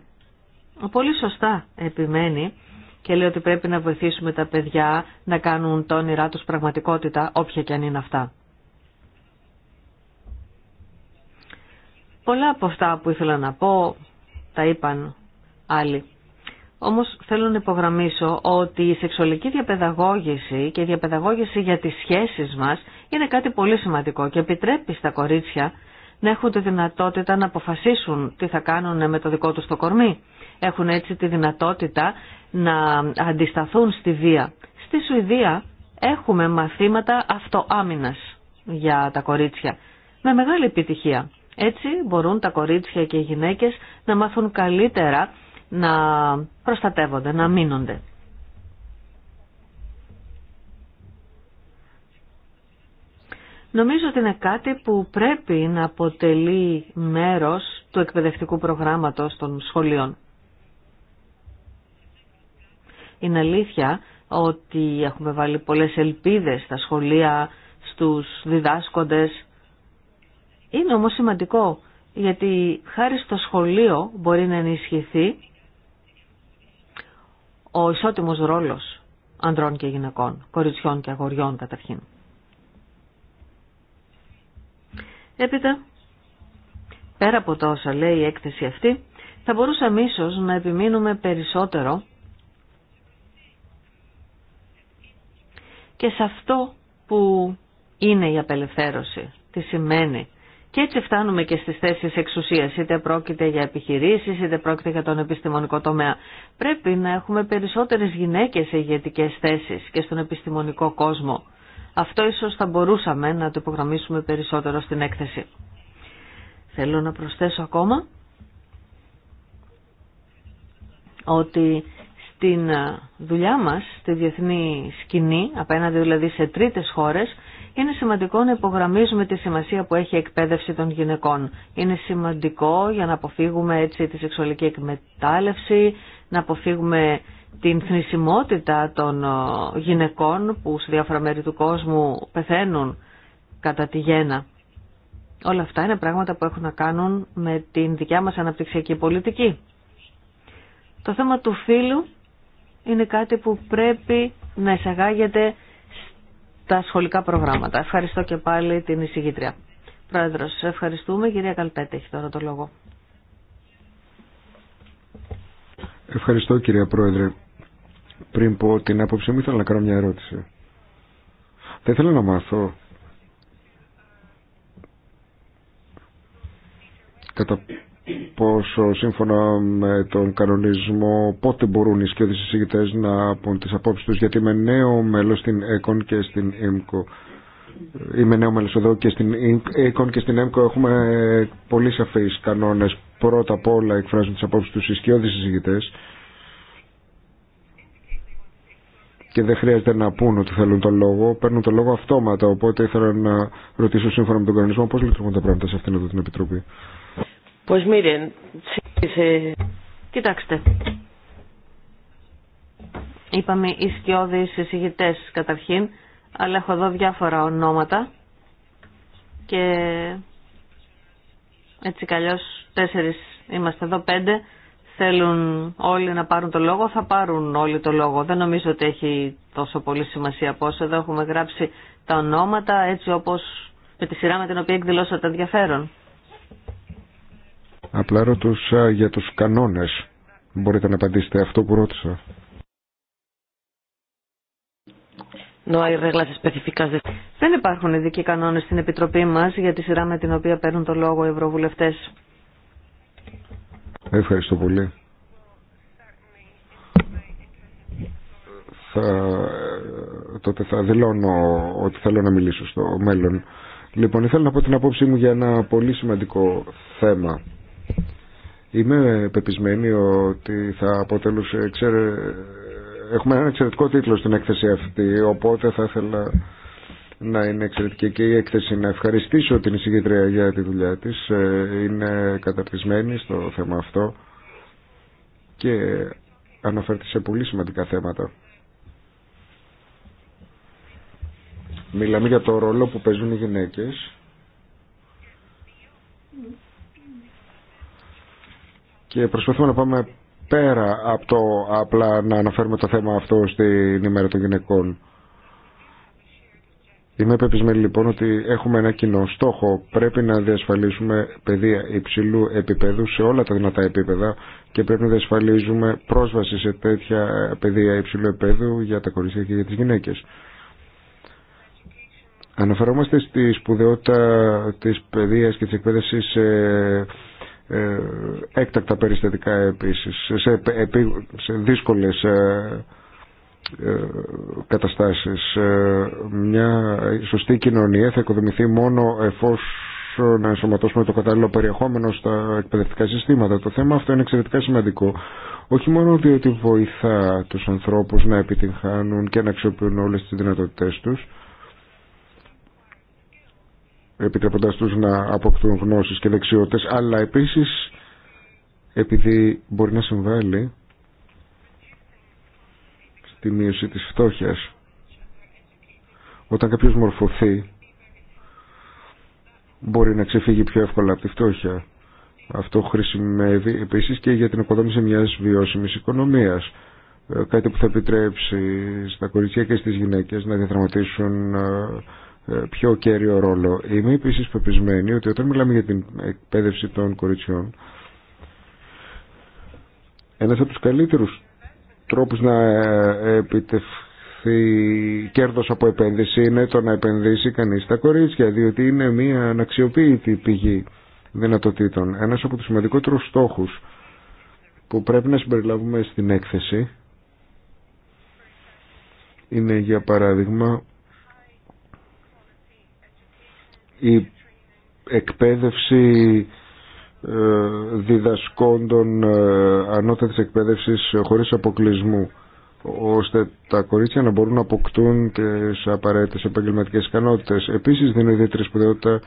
πολύ σωστά επιμένει και λέει ότι πρέπει να βοηθήσουμε τα παιδιά να κάνουν τα όνειρά τους πραγματικότητα όποια και αν είναι αυτά. Πολλά από αυτά που ήθελα να πω τα είπαν άλλοι. Όμως θέλω να υπογραμμίσω ότι η σεξουαλική διαπαιδαγώγηση και η διαπαιδαγώγηση για τις σχέσεις μας είναι κάτι πολύ σημαντικό και επιτρέπει στα κορίτσια να έχουν τη δυνατότητα να αποφασίσουν τι θα κάνουν με το δικό τους το κορμί. Έχουν έτσι τη δυνατότητα να αντισταθούν στη βία. Στη Σουηδία έχουμε μαθήματα αυτοάμυνας για τα κορίτσια με μεγάλη επιτυχία. Έτσι μπορούν τα κορίτσια και οι γυναίκες να μάθουν καλύτερα να προστατεύονται, να μείνονται. Νομίζω ότι είναι κάτι που πρέπει να αποτελεί μέρος του εκπαιδευτικού προγράμματος των σχολείων. Είναι αλήθεια ότι έχουμε βάλει πολλές ελπίδες στα σχολεία, στους διδάσκοντες, είναι όμως σημαντικό γιατί χάρη στο σχολείο μπορεί να ενισχυθεί ο ισότιμος ρόλος ανδρών και γυναικών, κοριτσιών και αγοριών καταρχήν. Έπειτα, πέρα από τα όσα λέει η έκθεση αυτή, θα μπορούσαμε ίσως να επιμείνουμε περισσότερο και σε αυτό που είναι η απελευθέρωση, τι σημαίνει και έτσι φτάνουμε και στις θέσεις εξουσίας, είτε πρόκειται για επιχειρήσεις, είτε πρόκειται για τον επιστημονικό τομέα. Πρέπει να έχουμε περισσότερες γυναίκες σε ηγετικές θέσεις και στον επιστημονικό κόσμο. Αυτό ίσως θα μπορούσαμε να το υπογραμμίσουμε περισσότερο στην έκθεση. Θέλω να προσθέσω ακόμα ότι στην δουλειά μας, στη διεθνή σκηνή, απέναντι δηλαδή σε τρίτες χώρες, είναι σημαντικό να υπογραμμίζουμε τη σημασία που έχει η εκπαίδευση των γυναικών. Είναι σημαντικό για να αποφύγουμε έτσι τη σεξουαλική εκμετάλλευση, να αποφύγουμε την θνησιμότητα των ε, γυναικών που σε διάφορα μέρη του κόσμου πεθαίνουν κατά τη γένα. Όλα αυτά είναι πράγματα που έχουν να κάνουν με την δικιά μας αναπτυξιακή πολιτική. Το θέμα του φίλου είναι κάτι που πρέπει να εισαγάγεται τα σχολικά προγράμματα. Ευχαριστώ και πάλι την εισηγήτρια. Πρόεδρος, ευχαριστούμε. Κυρία Καλπέτη έχει τώρα το λόγο. Ευχαριστώ κυρία Πρόεδρε. Πριν πω την άποψή μου ήθελα να κάνω μια ερώτηση. Θα ήθελα να μάθω κατά πόσο σύμφωνα με τον κανονισμό πότε μπορούν οι σκιώδεις εισηγητές να πούν τις απόψεις τους γιατί είμαι νέο μέλος στην ΕΚΟΝ και στην ΕΜΚΟ είμαι νέο μέλος εδώ και στην ΕΚΟΝ και στην ΕΜΚΟ έχουμε πολύ σαφείς κανόνες πρώτα απ' όλα εκφράζουν τις απόψεις τους οι σκιώδεις εισηγητές και δεν χρειάζεται να πούν ότι θέλουν τον λόγο, παίρνουν τον λόγο αυτόματα. Οπότε ήθελα να ρωτήσω σύμφωνα με τον κανονισμό πώ λειτουργούν τα πράγματα σε αυτήν εδώ την Επιτροπή. Pues miren, Κοιτάξτε. Είπαμε οι σκιώδεις καταρχήν, αλλά έχω εδώ διάφορα ονόματα και έτσι καλλιώς τέσσερις είμαστε εδώ, πέντε θέλουν όλοι να πάρουν το λόγο, θα πάρουν όλοι το λόγο. Δεν νομίζω ότι έχει τόσο πολύ σημασία πόσο. Εδώ έχουμε γράψει τα ονόματα έτσι όπως με τη σειρά με την οποία εκδηλώσατε ενδιαφέρον. Απλά ρωτούσα για τους κανόνες. Μπορείτε να απαντήσετε αυτό που ρώτησα. Δεν υπάρχουν ειδικοί κανόνες στην Επιτροπή μας για τη σειρά με την οποία παίρνουν το λόγο οι ευρωβουλευτές. Ευχαριστώ πολύ. τότε θα δηλώνω ότι θέλω να μιλήσω στο μέλλον. Λοιπόν, ήθελα να πω την απόψη μου για ένα πολύ σημαντικό θέμα Είμαι πεπισμένη ότι θα αποτελούσε, έχουμε ένα εξαιρετικό τίτλο στην έκθεση αυτή, οπότε θα ήθελα να είναι εξαιρετική και η έκθεση. Να ευχαριστήσω την εισηγήτρια για τη δουλειά της. Ε, είναι καταρτισμένη στο θέμα αυτό και αναφέρεται σε πολύ σημαντικά θέματα. Μιλάμε για το ρόλο που παίζουν οι γυναίκες και προσπαθούμε να πάμε πέρα από το απλά να αναφέρουμε το θέμα αυτό στην ημέρα των γυναικών. Είμαι πεπισμένη λοιπόν ότι έχουμε ένα κοινό στόχο. Πρέπει να διασφαλίσουμε παιδεία υψηλού επίπεδου σε όλα τα δυνατά επίπεδα και πρέπει να διασφαλίζουμε πρόσβαση σε τέτοια παιδεία υψηλού επίπεδου για τα κορίτσια και για τις γυναίκες. Αναφερόμαστε στη σπουδαιότητα της παιδείας και της εκπαίδευσης ε, έκτακτα περιστατικά επίσης, σε, σε δύσκολες ε, ε, καταστάσεις. Μια σωστή κοινωνία θα οικοδομηθεί μόνο εφόσον να ενσωματώσουμε το κατάλληλο περιεχόμενο στα εκπαιδευτικά συστήματα. Το θέμα αυτό είναι εξαιρετικά σημαντικό. Όχι μόνο διότι βοηθά τους ανθρώπους να επιτυγχάνουν και να αξιοποιούν όλες τις δυνατότητές τους, επιτρέποντας τους να αποκτούν γνώσεις και δεξιότητες, αλλά επίσης επειδή μπορεί να συμβάλλει στη μείωση της φτώχειας. Όταν κάποιος μορφωθεί, μπορεί να ξεφύγει πιο εύκολα από τη φτώχεια. Αυτό χρησιμεύει επίσης και για την οικοδόμηση μιας βιώσιμης οικονομίας. Ε, κάτι που θα επιτρέψει στα κορίτσια και στις γυναίκες να διαδραματίσουν ε, ε, πιο κέριο ρόλο. Είμαι επίση πεπισμένη ότι όταν μιλάμε για την εκπαίδευση των κοριτσιών, ένας από του καλύτερου τρόπου να ε, επιτευχθεί κέρδος από επένδυση είναι το να επενδύσει κανείς τα κορίτσια, διότι είναι μια αναξιοποίητη πηγή δυνατοτήτων. Ένας από τους σημαντικότερους στόχους που πρέπει να συμπεριλάβουμε στην έκθεση είναι για παράδειγμα η εκπαίδευση ε, διδασκόντων ε, ανώτατης εκπαίδευσης χωρίς αποκλεισμού ώστε τα κορίτσια να μπορούν να αποκτούν τις απαραίτητες επαγγελματικές ικανότητες. Επίσης δίνει ιδιαίτερη σπουδαιότητα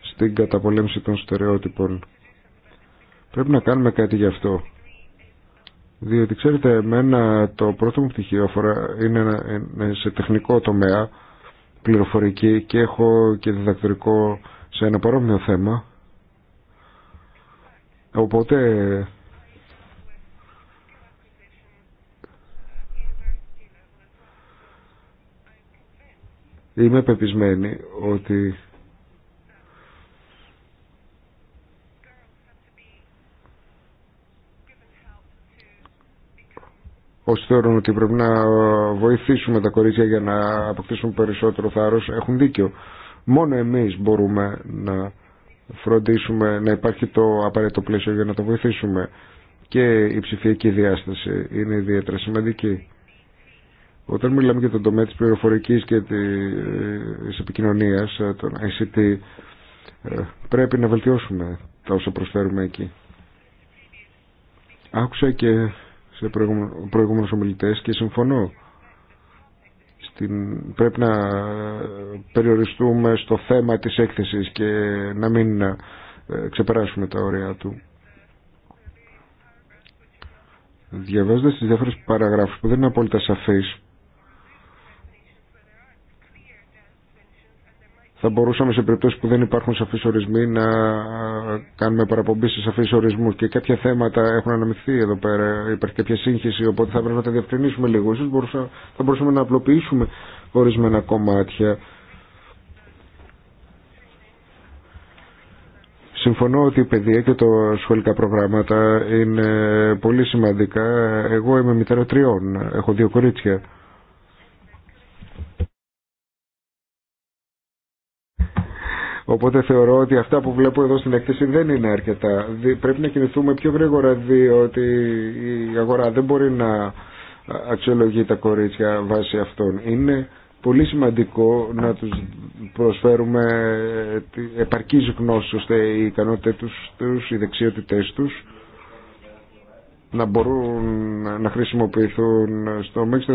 στην καταπολέμηση των στερεότυπων. Πρέπει να κάνουμε κάτι γι' αυτό. Διότι ξέρετε εμένα το πρώτο μου πτυχίο αφορά, είναι σε τεχνικό τομέα πληροφορική και έχω και διδακτορικό σε ένα παρόμοιο θέμα. Οπότε είμαι πεπισμένη ότι όσοι θεωρούν ότι πρέπει να ε, βοηθήσουμε τα κορίτσια για να αποκτήσουν περισσότερο θάρρος έχουν δίκιο. Μόνο εμείς μπορούμε να φροντίσουμε να υπάρχει το απαραίτητο πλαίσιο για να το βοηθήσουμε και η ψηφιακή διάσταση είναι ιδιαίτερα σημαντική. Όταν μιλάμε για τον τομέα της πληροφορικής και ε, της επικοινωνίας, ε, τον ICT, πρέπει να βελτιώσουμε τα όσα προσφέρουμε εκεί. Άκουσα και σε προηγούμενους ομιλητές και συμφωνώ. Στην... Πρέπει να ε, περιοριστούμε στο θέμα της έκθεσης και να μην ε, ξεπεράσουμε τα ωραία του. Διαβάζοντας τις διάφορες παραγράφους που δεν είναι απόλυτα σαφείς, Θα μπορούσαμε σε περιπτώσει που δεν υπάρχουν σαφείς ορισμοί να κάνουμε παραπομπή σε σαφείς ορισμού. και κάποια θέματα έχουν αναμειχθεί εδώ πέρα, υπάρχει κάποια σύγχυση, οπότε θα πρέπει να τα διευκρινίσουμε λίγο. Ίσως μπορούσα, θα μπορούσαμε να απλοποιήσουμε ορισμένα κομμάτια. Συμφωνώ ότι η παιδεία και τα σχολικά προγράμματα είναι πολύ σημαντικά. Εγώ είμαι μητέρα τριών, έχω δύο κορίτσια. Οπότε θεωρώ ότι αυτά που βλέπω εδώ στην έκθεση δεν είναι αρκετά. Πρέπει να κινηθούμε πιο γρήγορα διότι η αγορά δεν μπορεί να αξιολογεί τα κορίτσια βάσει αυτών. Είναι πολύ σημαντικό να τους προσφέρουμε ε, επαρκείς γνώση ώστε οι ικανότητες τους, τους οι δεξιότητές τους να μπορούν να χρησιμοποιηθούν στο μέγιστο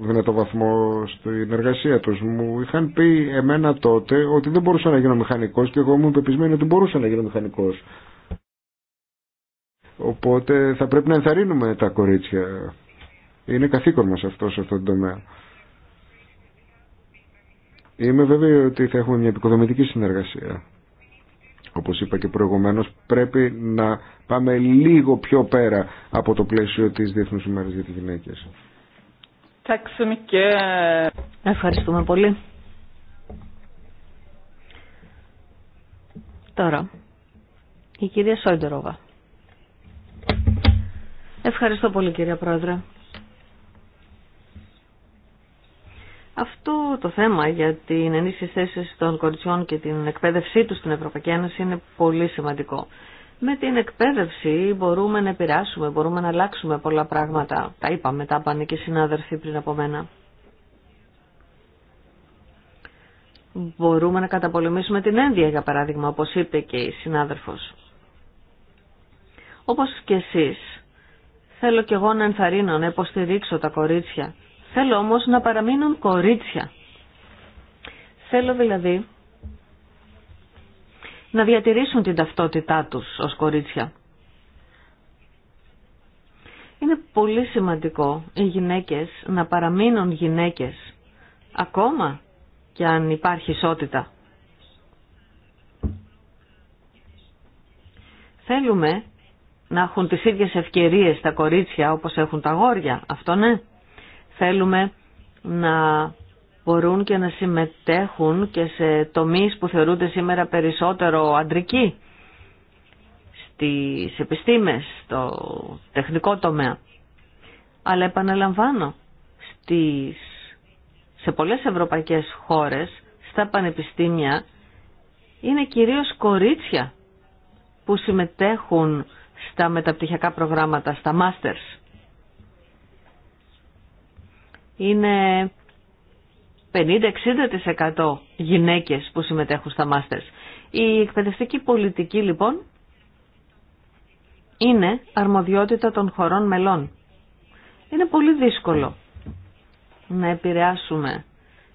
δυνατό βαθμό στην εργασία τους. Μου είχαν πει εμένα τότε ότι δεν μπορούσα να γίνω μηχανικός και εγώ μου πεπισμένο ότι μπορούσα να γίνω μηχανικός. Οπότε θα πρέπει να ενθαρρύνουμε τα κορίτσια. Είναι καθήκον μας αυτό σε αυτόν τον τομέα. Είμαι βέβαιο ότι θα έχουμε μια επικοδομητική συνεργασία. Όπως είπα και προηγουμένως, πρέπει να πάμε λίγο πιο πέρα από το πλαίσιο της Διεθνούς Υμέρας για τις Γυναίκες. Ευχαριστούμε πολύ. Τώρα, η κυρία Σόιντεροβα. Ευχαριστώ πολύ κυρία Πρόεδρε. Αυτό το θέμα για την ενίσχυση θέση των κοριτσιών και την εκπαίδευσή τους στην Ευρωπαϊκή Ένωση είναι πολύ σημαντικό. Με την εκπαίδευση μπορούμε να επηρεάσουμε, μπορούμε να αλλάξουμε πολλά πράγματα. Τα είπαμε, τα είπαν και οι συνάδελφοι πριν από μένα. Μπορούμε να καταπολεμήσουμε την ένδια, για παράδειγμα, όπως είπε και η συνάδελφος. Όπως και εσείς, θέλω κι εγώ να ενθαρρύνω, να υποστηρίξω τα κορίτσια Θέλω όμως να παραμείνουν κορίτσια. Θέλω δηλαδή να διατηρήσουν την ταυτότητά τους ως κορίτσια. Είναι πολύ σημαντικό οι γυναίκες να παραμείνουν γυναίκες, ακόμα και αν υπάρχει ισότητα. Θέλουμε να έχουν τις ίδιες ευκαιρίες τα κορίτσια όπως έχουν τα αγόρια, αυτό ναι. Θέλουμε να μπορούν και να συμμετέχουν και σε τομείς που θεωρούνται σήμερα περισσότερο αντρικοί στις επιστήμες, στο τεχνικό τομέα. Αλλά επαναλαμβάνω, στις, σε πολλές ευρωπαϊκές χώρες, στα πανεπιστήμια, είναι κυρίως κορίτσια που συμμετέχουν στα μεταπτυχιακά προγράμματα, στα μάστερς είναι 50-60% γυναίκες που συμμετέχουν στα μάστερς. Η εκπαιδευτική πολιτική λοιπόν είναι αρμοδιότητα των χωρών μελών. Είναι πολύ δύσκολο να επηρεάσουμε,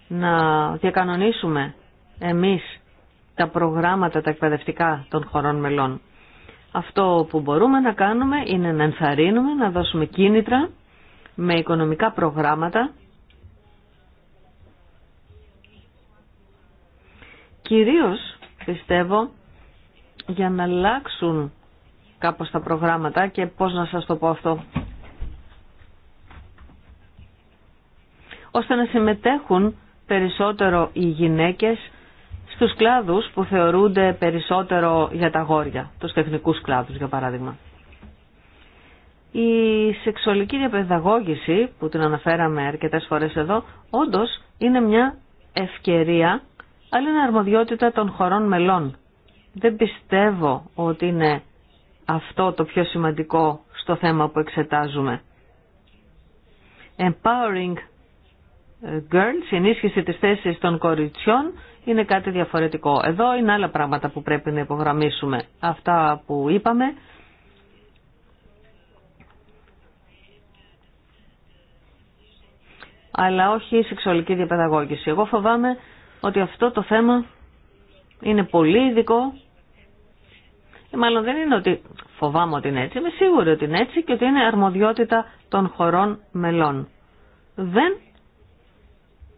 να διακανονίσουμε εμείς τα προγράμματα τα εκπαιδευτικά των χωρών μελών. Αυτό που μπορούμε να κάνουμε είναι να ενθαρρύνουμε, να δώσουμε κίνητρα με οικονομικά προγράμματα κυρίως πιστεύω για να αλλάξουν κάπως τα προγράμματα και πώς να σας το πω αυτό ώστε να συμμετέχουν περισσότερο οι γυναίκες στους κλάδους που θεωρούνται περισσότερο για τα γόρια, τους τεχνικούς κλάδους για παράδειγμα. Η σεξουαλική διαπαιδαγώγηση που την αναφέραμε αρκετές φορές εδώ, όντως είναι μια ευκαιρία, αλλά είναι αρμοδιότητα των χωρών μελών. Δεν πιστεύω ότι είναι αυτό το πιο σημαντικό στο θέμα που εξετάζουμε. Empowering ε, Girls, ενίσχυση της θέσης των κοριτσιών είναι κάτι διαφορετικό. Εδώ είναι άλλα πράγματα που πρέπει να υπογραμμίσουμε. Αυτά που είπαμε αλλά όχι η σεξουαλική διαπαιδαγώγηση. Εγώ φοβάμαι ότι αυτό το θέμα είναι πολύ ειδικό. Ε, μάλλον δεν είναι ότι φοβάμαι ότι είναι έτσι, είμαι σίγουρη ότι είναι έτσι και ότι είναι αρμοδιότητα των χωρών μελών. Δεν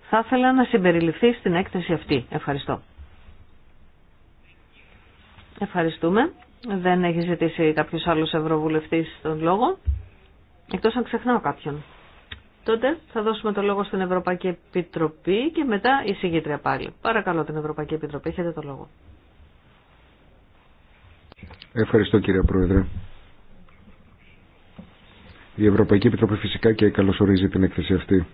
θα ήθελα να συμπεριληφθεί στην έκθεση αυτή. Ευχαριστώ. Ευχαριστούμε. Δεν έχει ζητήσει κάποιος άλλος ευρωβουλευτής τον λόγο, εκτός αν ξεχνάω κάποιον. Τότε θα δώσουμε το λόγο στην Ευρωπαϊκή Επιτροπή και μετά η συγκήτρια πάλι. Παρακαλώ την Ευρωπαϊκή Επιτροπή, έχετε το λόγο. Ευχαριστώ κύριε Πρόεδρε. Η Ευρωπαϊκή Επιτροπή φυσικά και καλωσορίζει την έκθεση αυτή.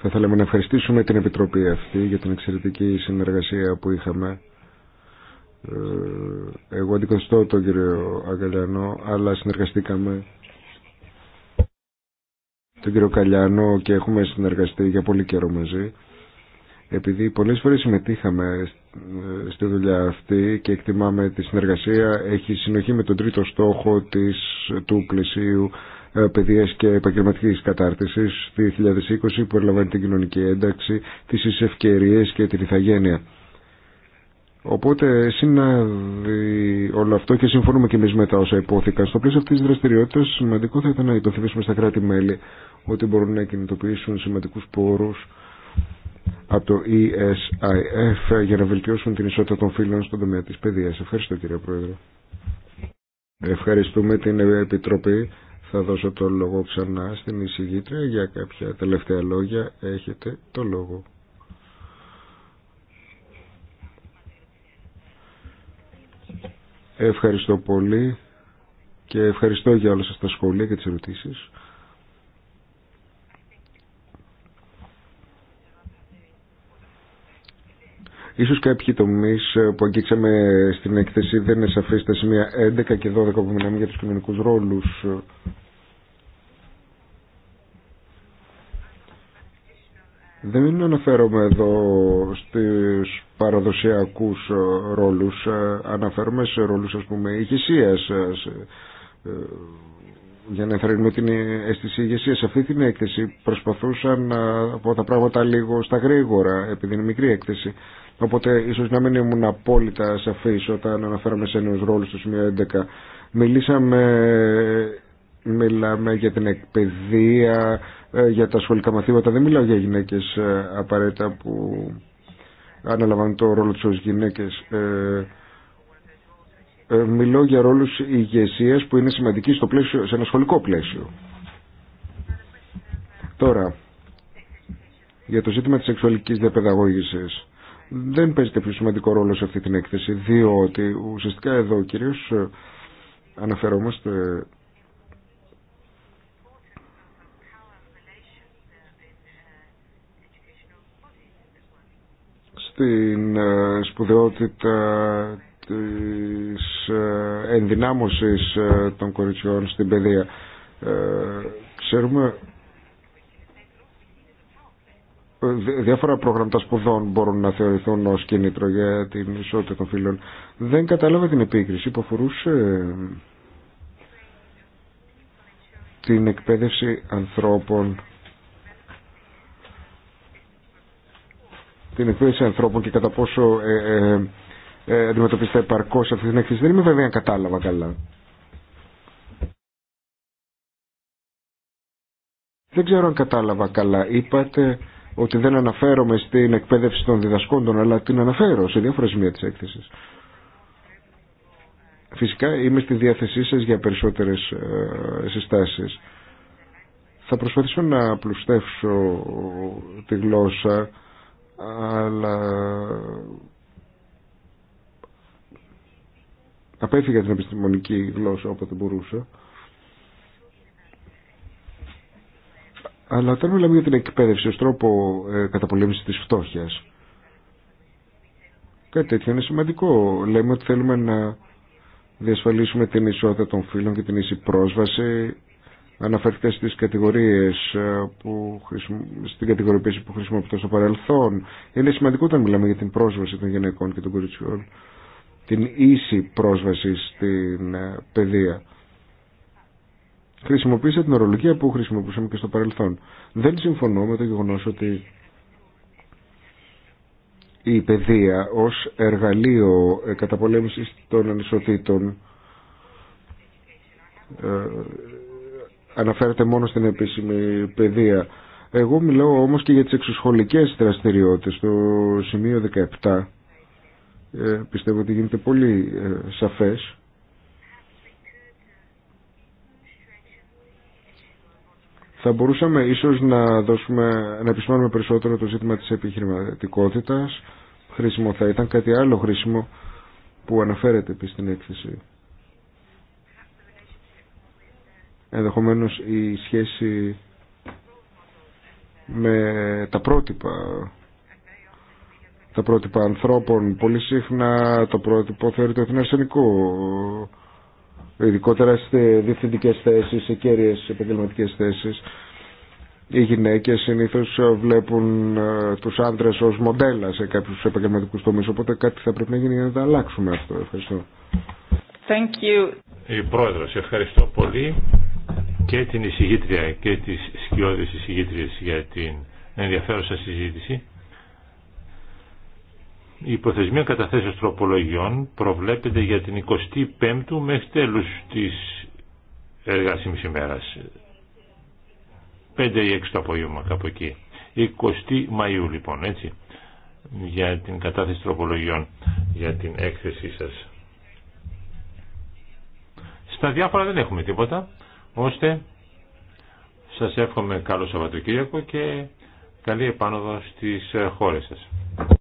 Θα θέλαμε να ευχαριστήσουμε την Επιτροπή αυτή για την εξαιρετική συνεργασία που είχαμε. Ε, εγώ αντικοστώ τον κύριο Αγκαλιανό, αλλά συνεργαστήκαμε τον κύριο Καλιάνο και έχουμε συνεργαστεί για πολύ καιρό μαζί επειδή πολλές φορές συμμετείχαμε ε, στη δουλειά αυτή και εκτιμάμε τη συνεργασία έχει συνοχή με τον τρίτο στόχο της, του πλαισίου ε, παιδείας και επαγγελματική κατάρτισης 2020 που ελαμβάνει την κοινωνική ένταξη, τις ευκαιρίες και την ηθαγένεια. Οπότε συνάδει όλο αυτό και συμφωνούμε και εμεί μετά όσα υπόθηκαν. Στο πλαίσιο αυτή τη δραστηριότητα, σημαντικό θα ήταν να υποθυμίσουμε στα κράτη-μέλη ότι μπορούν να κινητοποιήσουν σημαντικού πόρου από το ESIF για να βελτιώσουν την ισότητα των φύλων στον τομέα τη παιδεία. Ευχαριστώ, κύριε Πρόεδρε. Ευχαριστούμε την Επιτροπή. Θα δώσω το λόγο ξανά στην εισηγήτρια για κάποια τελευταία λόγια. Έχετε το λόγο. Ευχαριστώ πολύ και ευχαριστώ για όλα σας τα σχόλια και τις ερωτήσεις. Ίσως κάποιοι τομείς που αγγίξαμε στην έκθεση δεν είναι σαφείς στα σημεία 11 και 12 που μιλάμε για τους κοινωνικούς ρόλους. Δεν αναφέρομαι εδώ στις παραδοσιακούς ε, ρόλους, ε, αναφέρομαι σε ρόλους ας πούμε ηγεσίας, ε, για να ενθαρρύνουμε την αίσθηση ηγεσία. Σε αυτή την έκθεση προσπαθούσαν να πω τα πράγματα λίγο στα γρήγορα, επειδή είναι μικρή έκθεση. Οπότε ίσω να μην ήμουν απόλυτα σαφή όταν αναφέρομαι σε νέου ρόλου στο σημείο 11. Μιλήσαμε, μιλάμε για την εκπαιδεία, ε, για τα σχολικά μαθήματα. Δεν μιλάω για γυναίκες ε, απαραίτητα που αναλαμβάνουν το ρόλο τους ως γυναίκες. Ε, μιλώ για ρόλους ηγεσία που είναι σημαντικοί στο πλαίσιο, σε ένα σχολικό πλαίσιο. Τώρα, για το ζήτημα της σεξουαλικής διαπαιδαγώγησης δεν παίζεται πιο σημαντικό ρόλο σε αυτή την έκθεση διότι ουσιαστικά εδώ κυρίως αναφερόμαστε την ε, σπουδαιότητα της ε, ενδυνάμωσης ε, των κοριτσιών στην παιδεία. Ξέρουμε διάφορα προγράμματα σπουδών μπορούν να θεωρηθούν ως κίνητρο για την ισότητα των φίλων. Δεν κατάλαβα την επίκριση που αφορούσε την εκπαίδευση ανθρώπων την εκπαίδευση ανθρώπων και κατά πόσο ε, ε, ε, επαρκώ αυτή την έκθεση. Δεν είμαι βέβαια αν κατάλαβα καλά. Δεν ξέρω αν κατάλαβα καλά. Είπατε ότι δεν αναφέρομαι στην εκπαίδευση των διδασκόντων, αλλά την αναφέρω σε διάφορα σημεία τη έκθεση. Φυσικά είμαι στη διάθεσή σας για περισσότερες ε, συστάσεις. Θα προσπαθήσω να πλουστεύσω τη γλώσσα αλλά απέφυγα την επιστημονική γλώσσα όποτε μπορούσα. Αλλά όταν μιλάμε για την εκπαίδευση ως τρόπο ε, καταπολέμησης της φτώχειας, κάτι τέτοιο είναι σημαντικό. Λέμε ότι θέλουμε να διασφαλίσουμε την ισότητα των φύλων και την ίση πρόσβαση Αναφέρθηκα στις κατηγορίες ε, που στην κατηγοριοποίηση που χρησιμοποιείται στο παρελθόν. Είναι σημαντικό όταν μιλάμε για την πρόσβαση των γυναικών και των κοριτσιών, την ίση πρόσβαση στην ε, παιδεία. Χρησιμοποίησα την ορολογία που χρησιμοποιούσαμε και στο παρελθόν. Δεν συμφωνώ με το γεγονός ότι η παιδεία ως εργαλείο ε, καταπολέμησης των ανισοτήτων αναφέρεται μόνο στην επίσημη παιδεία. Εγώ μιλάω όμως και για τις εξωσχολικές δραστηριότητες. Στο σημείο 17 ε, πιστεύω ότι γίνεται πολύ ε, σαφές. Θα μπορούσαμε ίσως να, δώσουμε, να επισημάνουμε περισσότερο το ζήτημα της επιχειρηματικότητας. Χρήσιμο θα ήταν κάτι άλλο χρήσιμο που αναφέρεται επίσης στην έκθεση. Ενδεχομένως η σχέση με τα πρότυπα τα πρότυπα ανθρώπων πολύ συχνά το πρότυπο θεωρείται ότι είναι ειδικότερα σε διευθυντικές θέσεις, σε κέρυες επαγγελματικές θέσεις οι γυναίκες συνήθως βλέπουν ε, τους άντρες ως μοντέλα σε κάποιους επαγγελματικούς τομείς οπότε κάτι θα πρέπει να γίνει για να τα αλλάξουμε αυτό. Ευχαριστώ. Thank you. ευχαριστώ πολύ και την εισηγήτρια και τις σκιώδεις εισηγήτριες για την ενδιαφέρουσα συζήτηση. Η υποθεσμία καταθέσεως τροπολογιών προβλέπεται για την 25η μέχρι τέλους της εργάσιμης ημέρας. 5 ή 6 το απόγευμα κάπου εκεί. 20 Μαΐου λοιπόν έτσι για την κατάθεση τροπολογιών για την έκθεσή σας. Στα διάφορα δεν έχουμε τίποτα ώστε σας εύχομαι καλό Σαββατοκύριακο και καλή επάνωδο στις χώρες σας.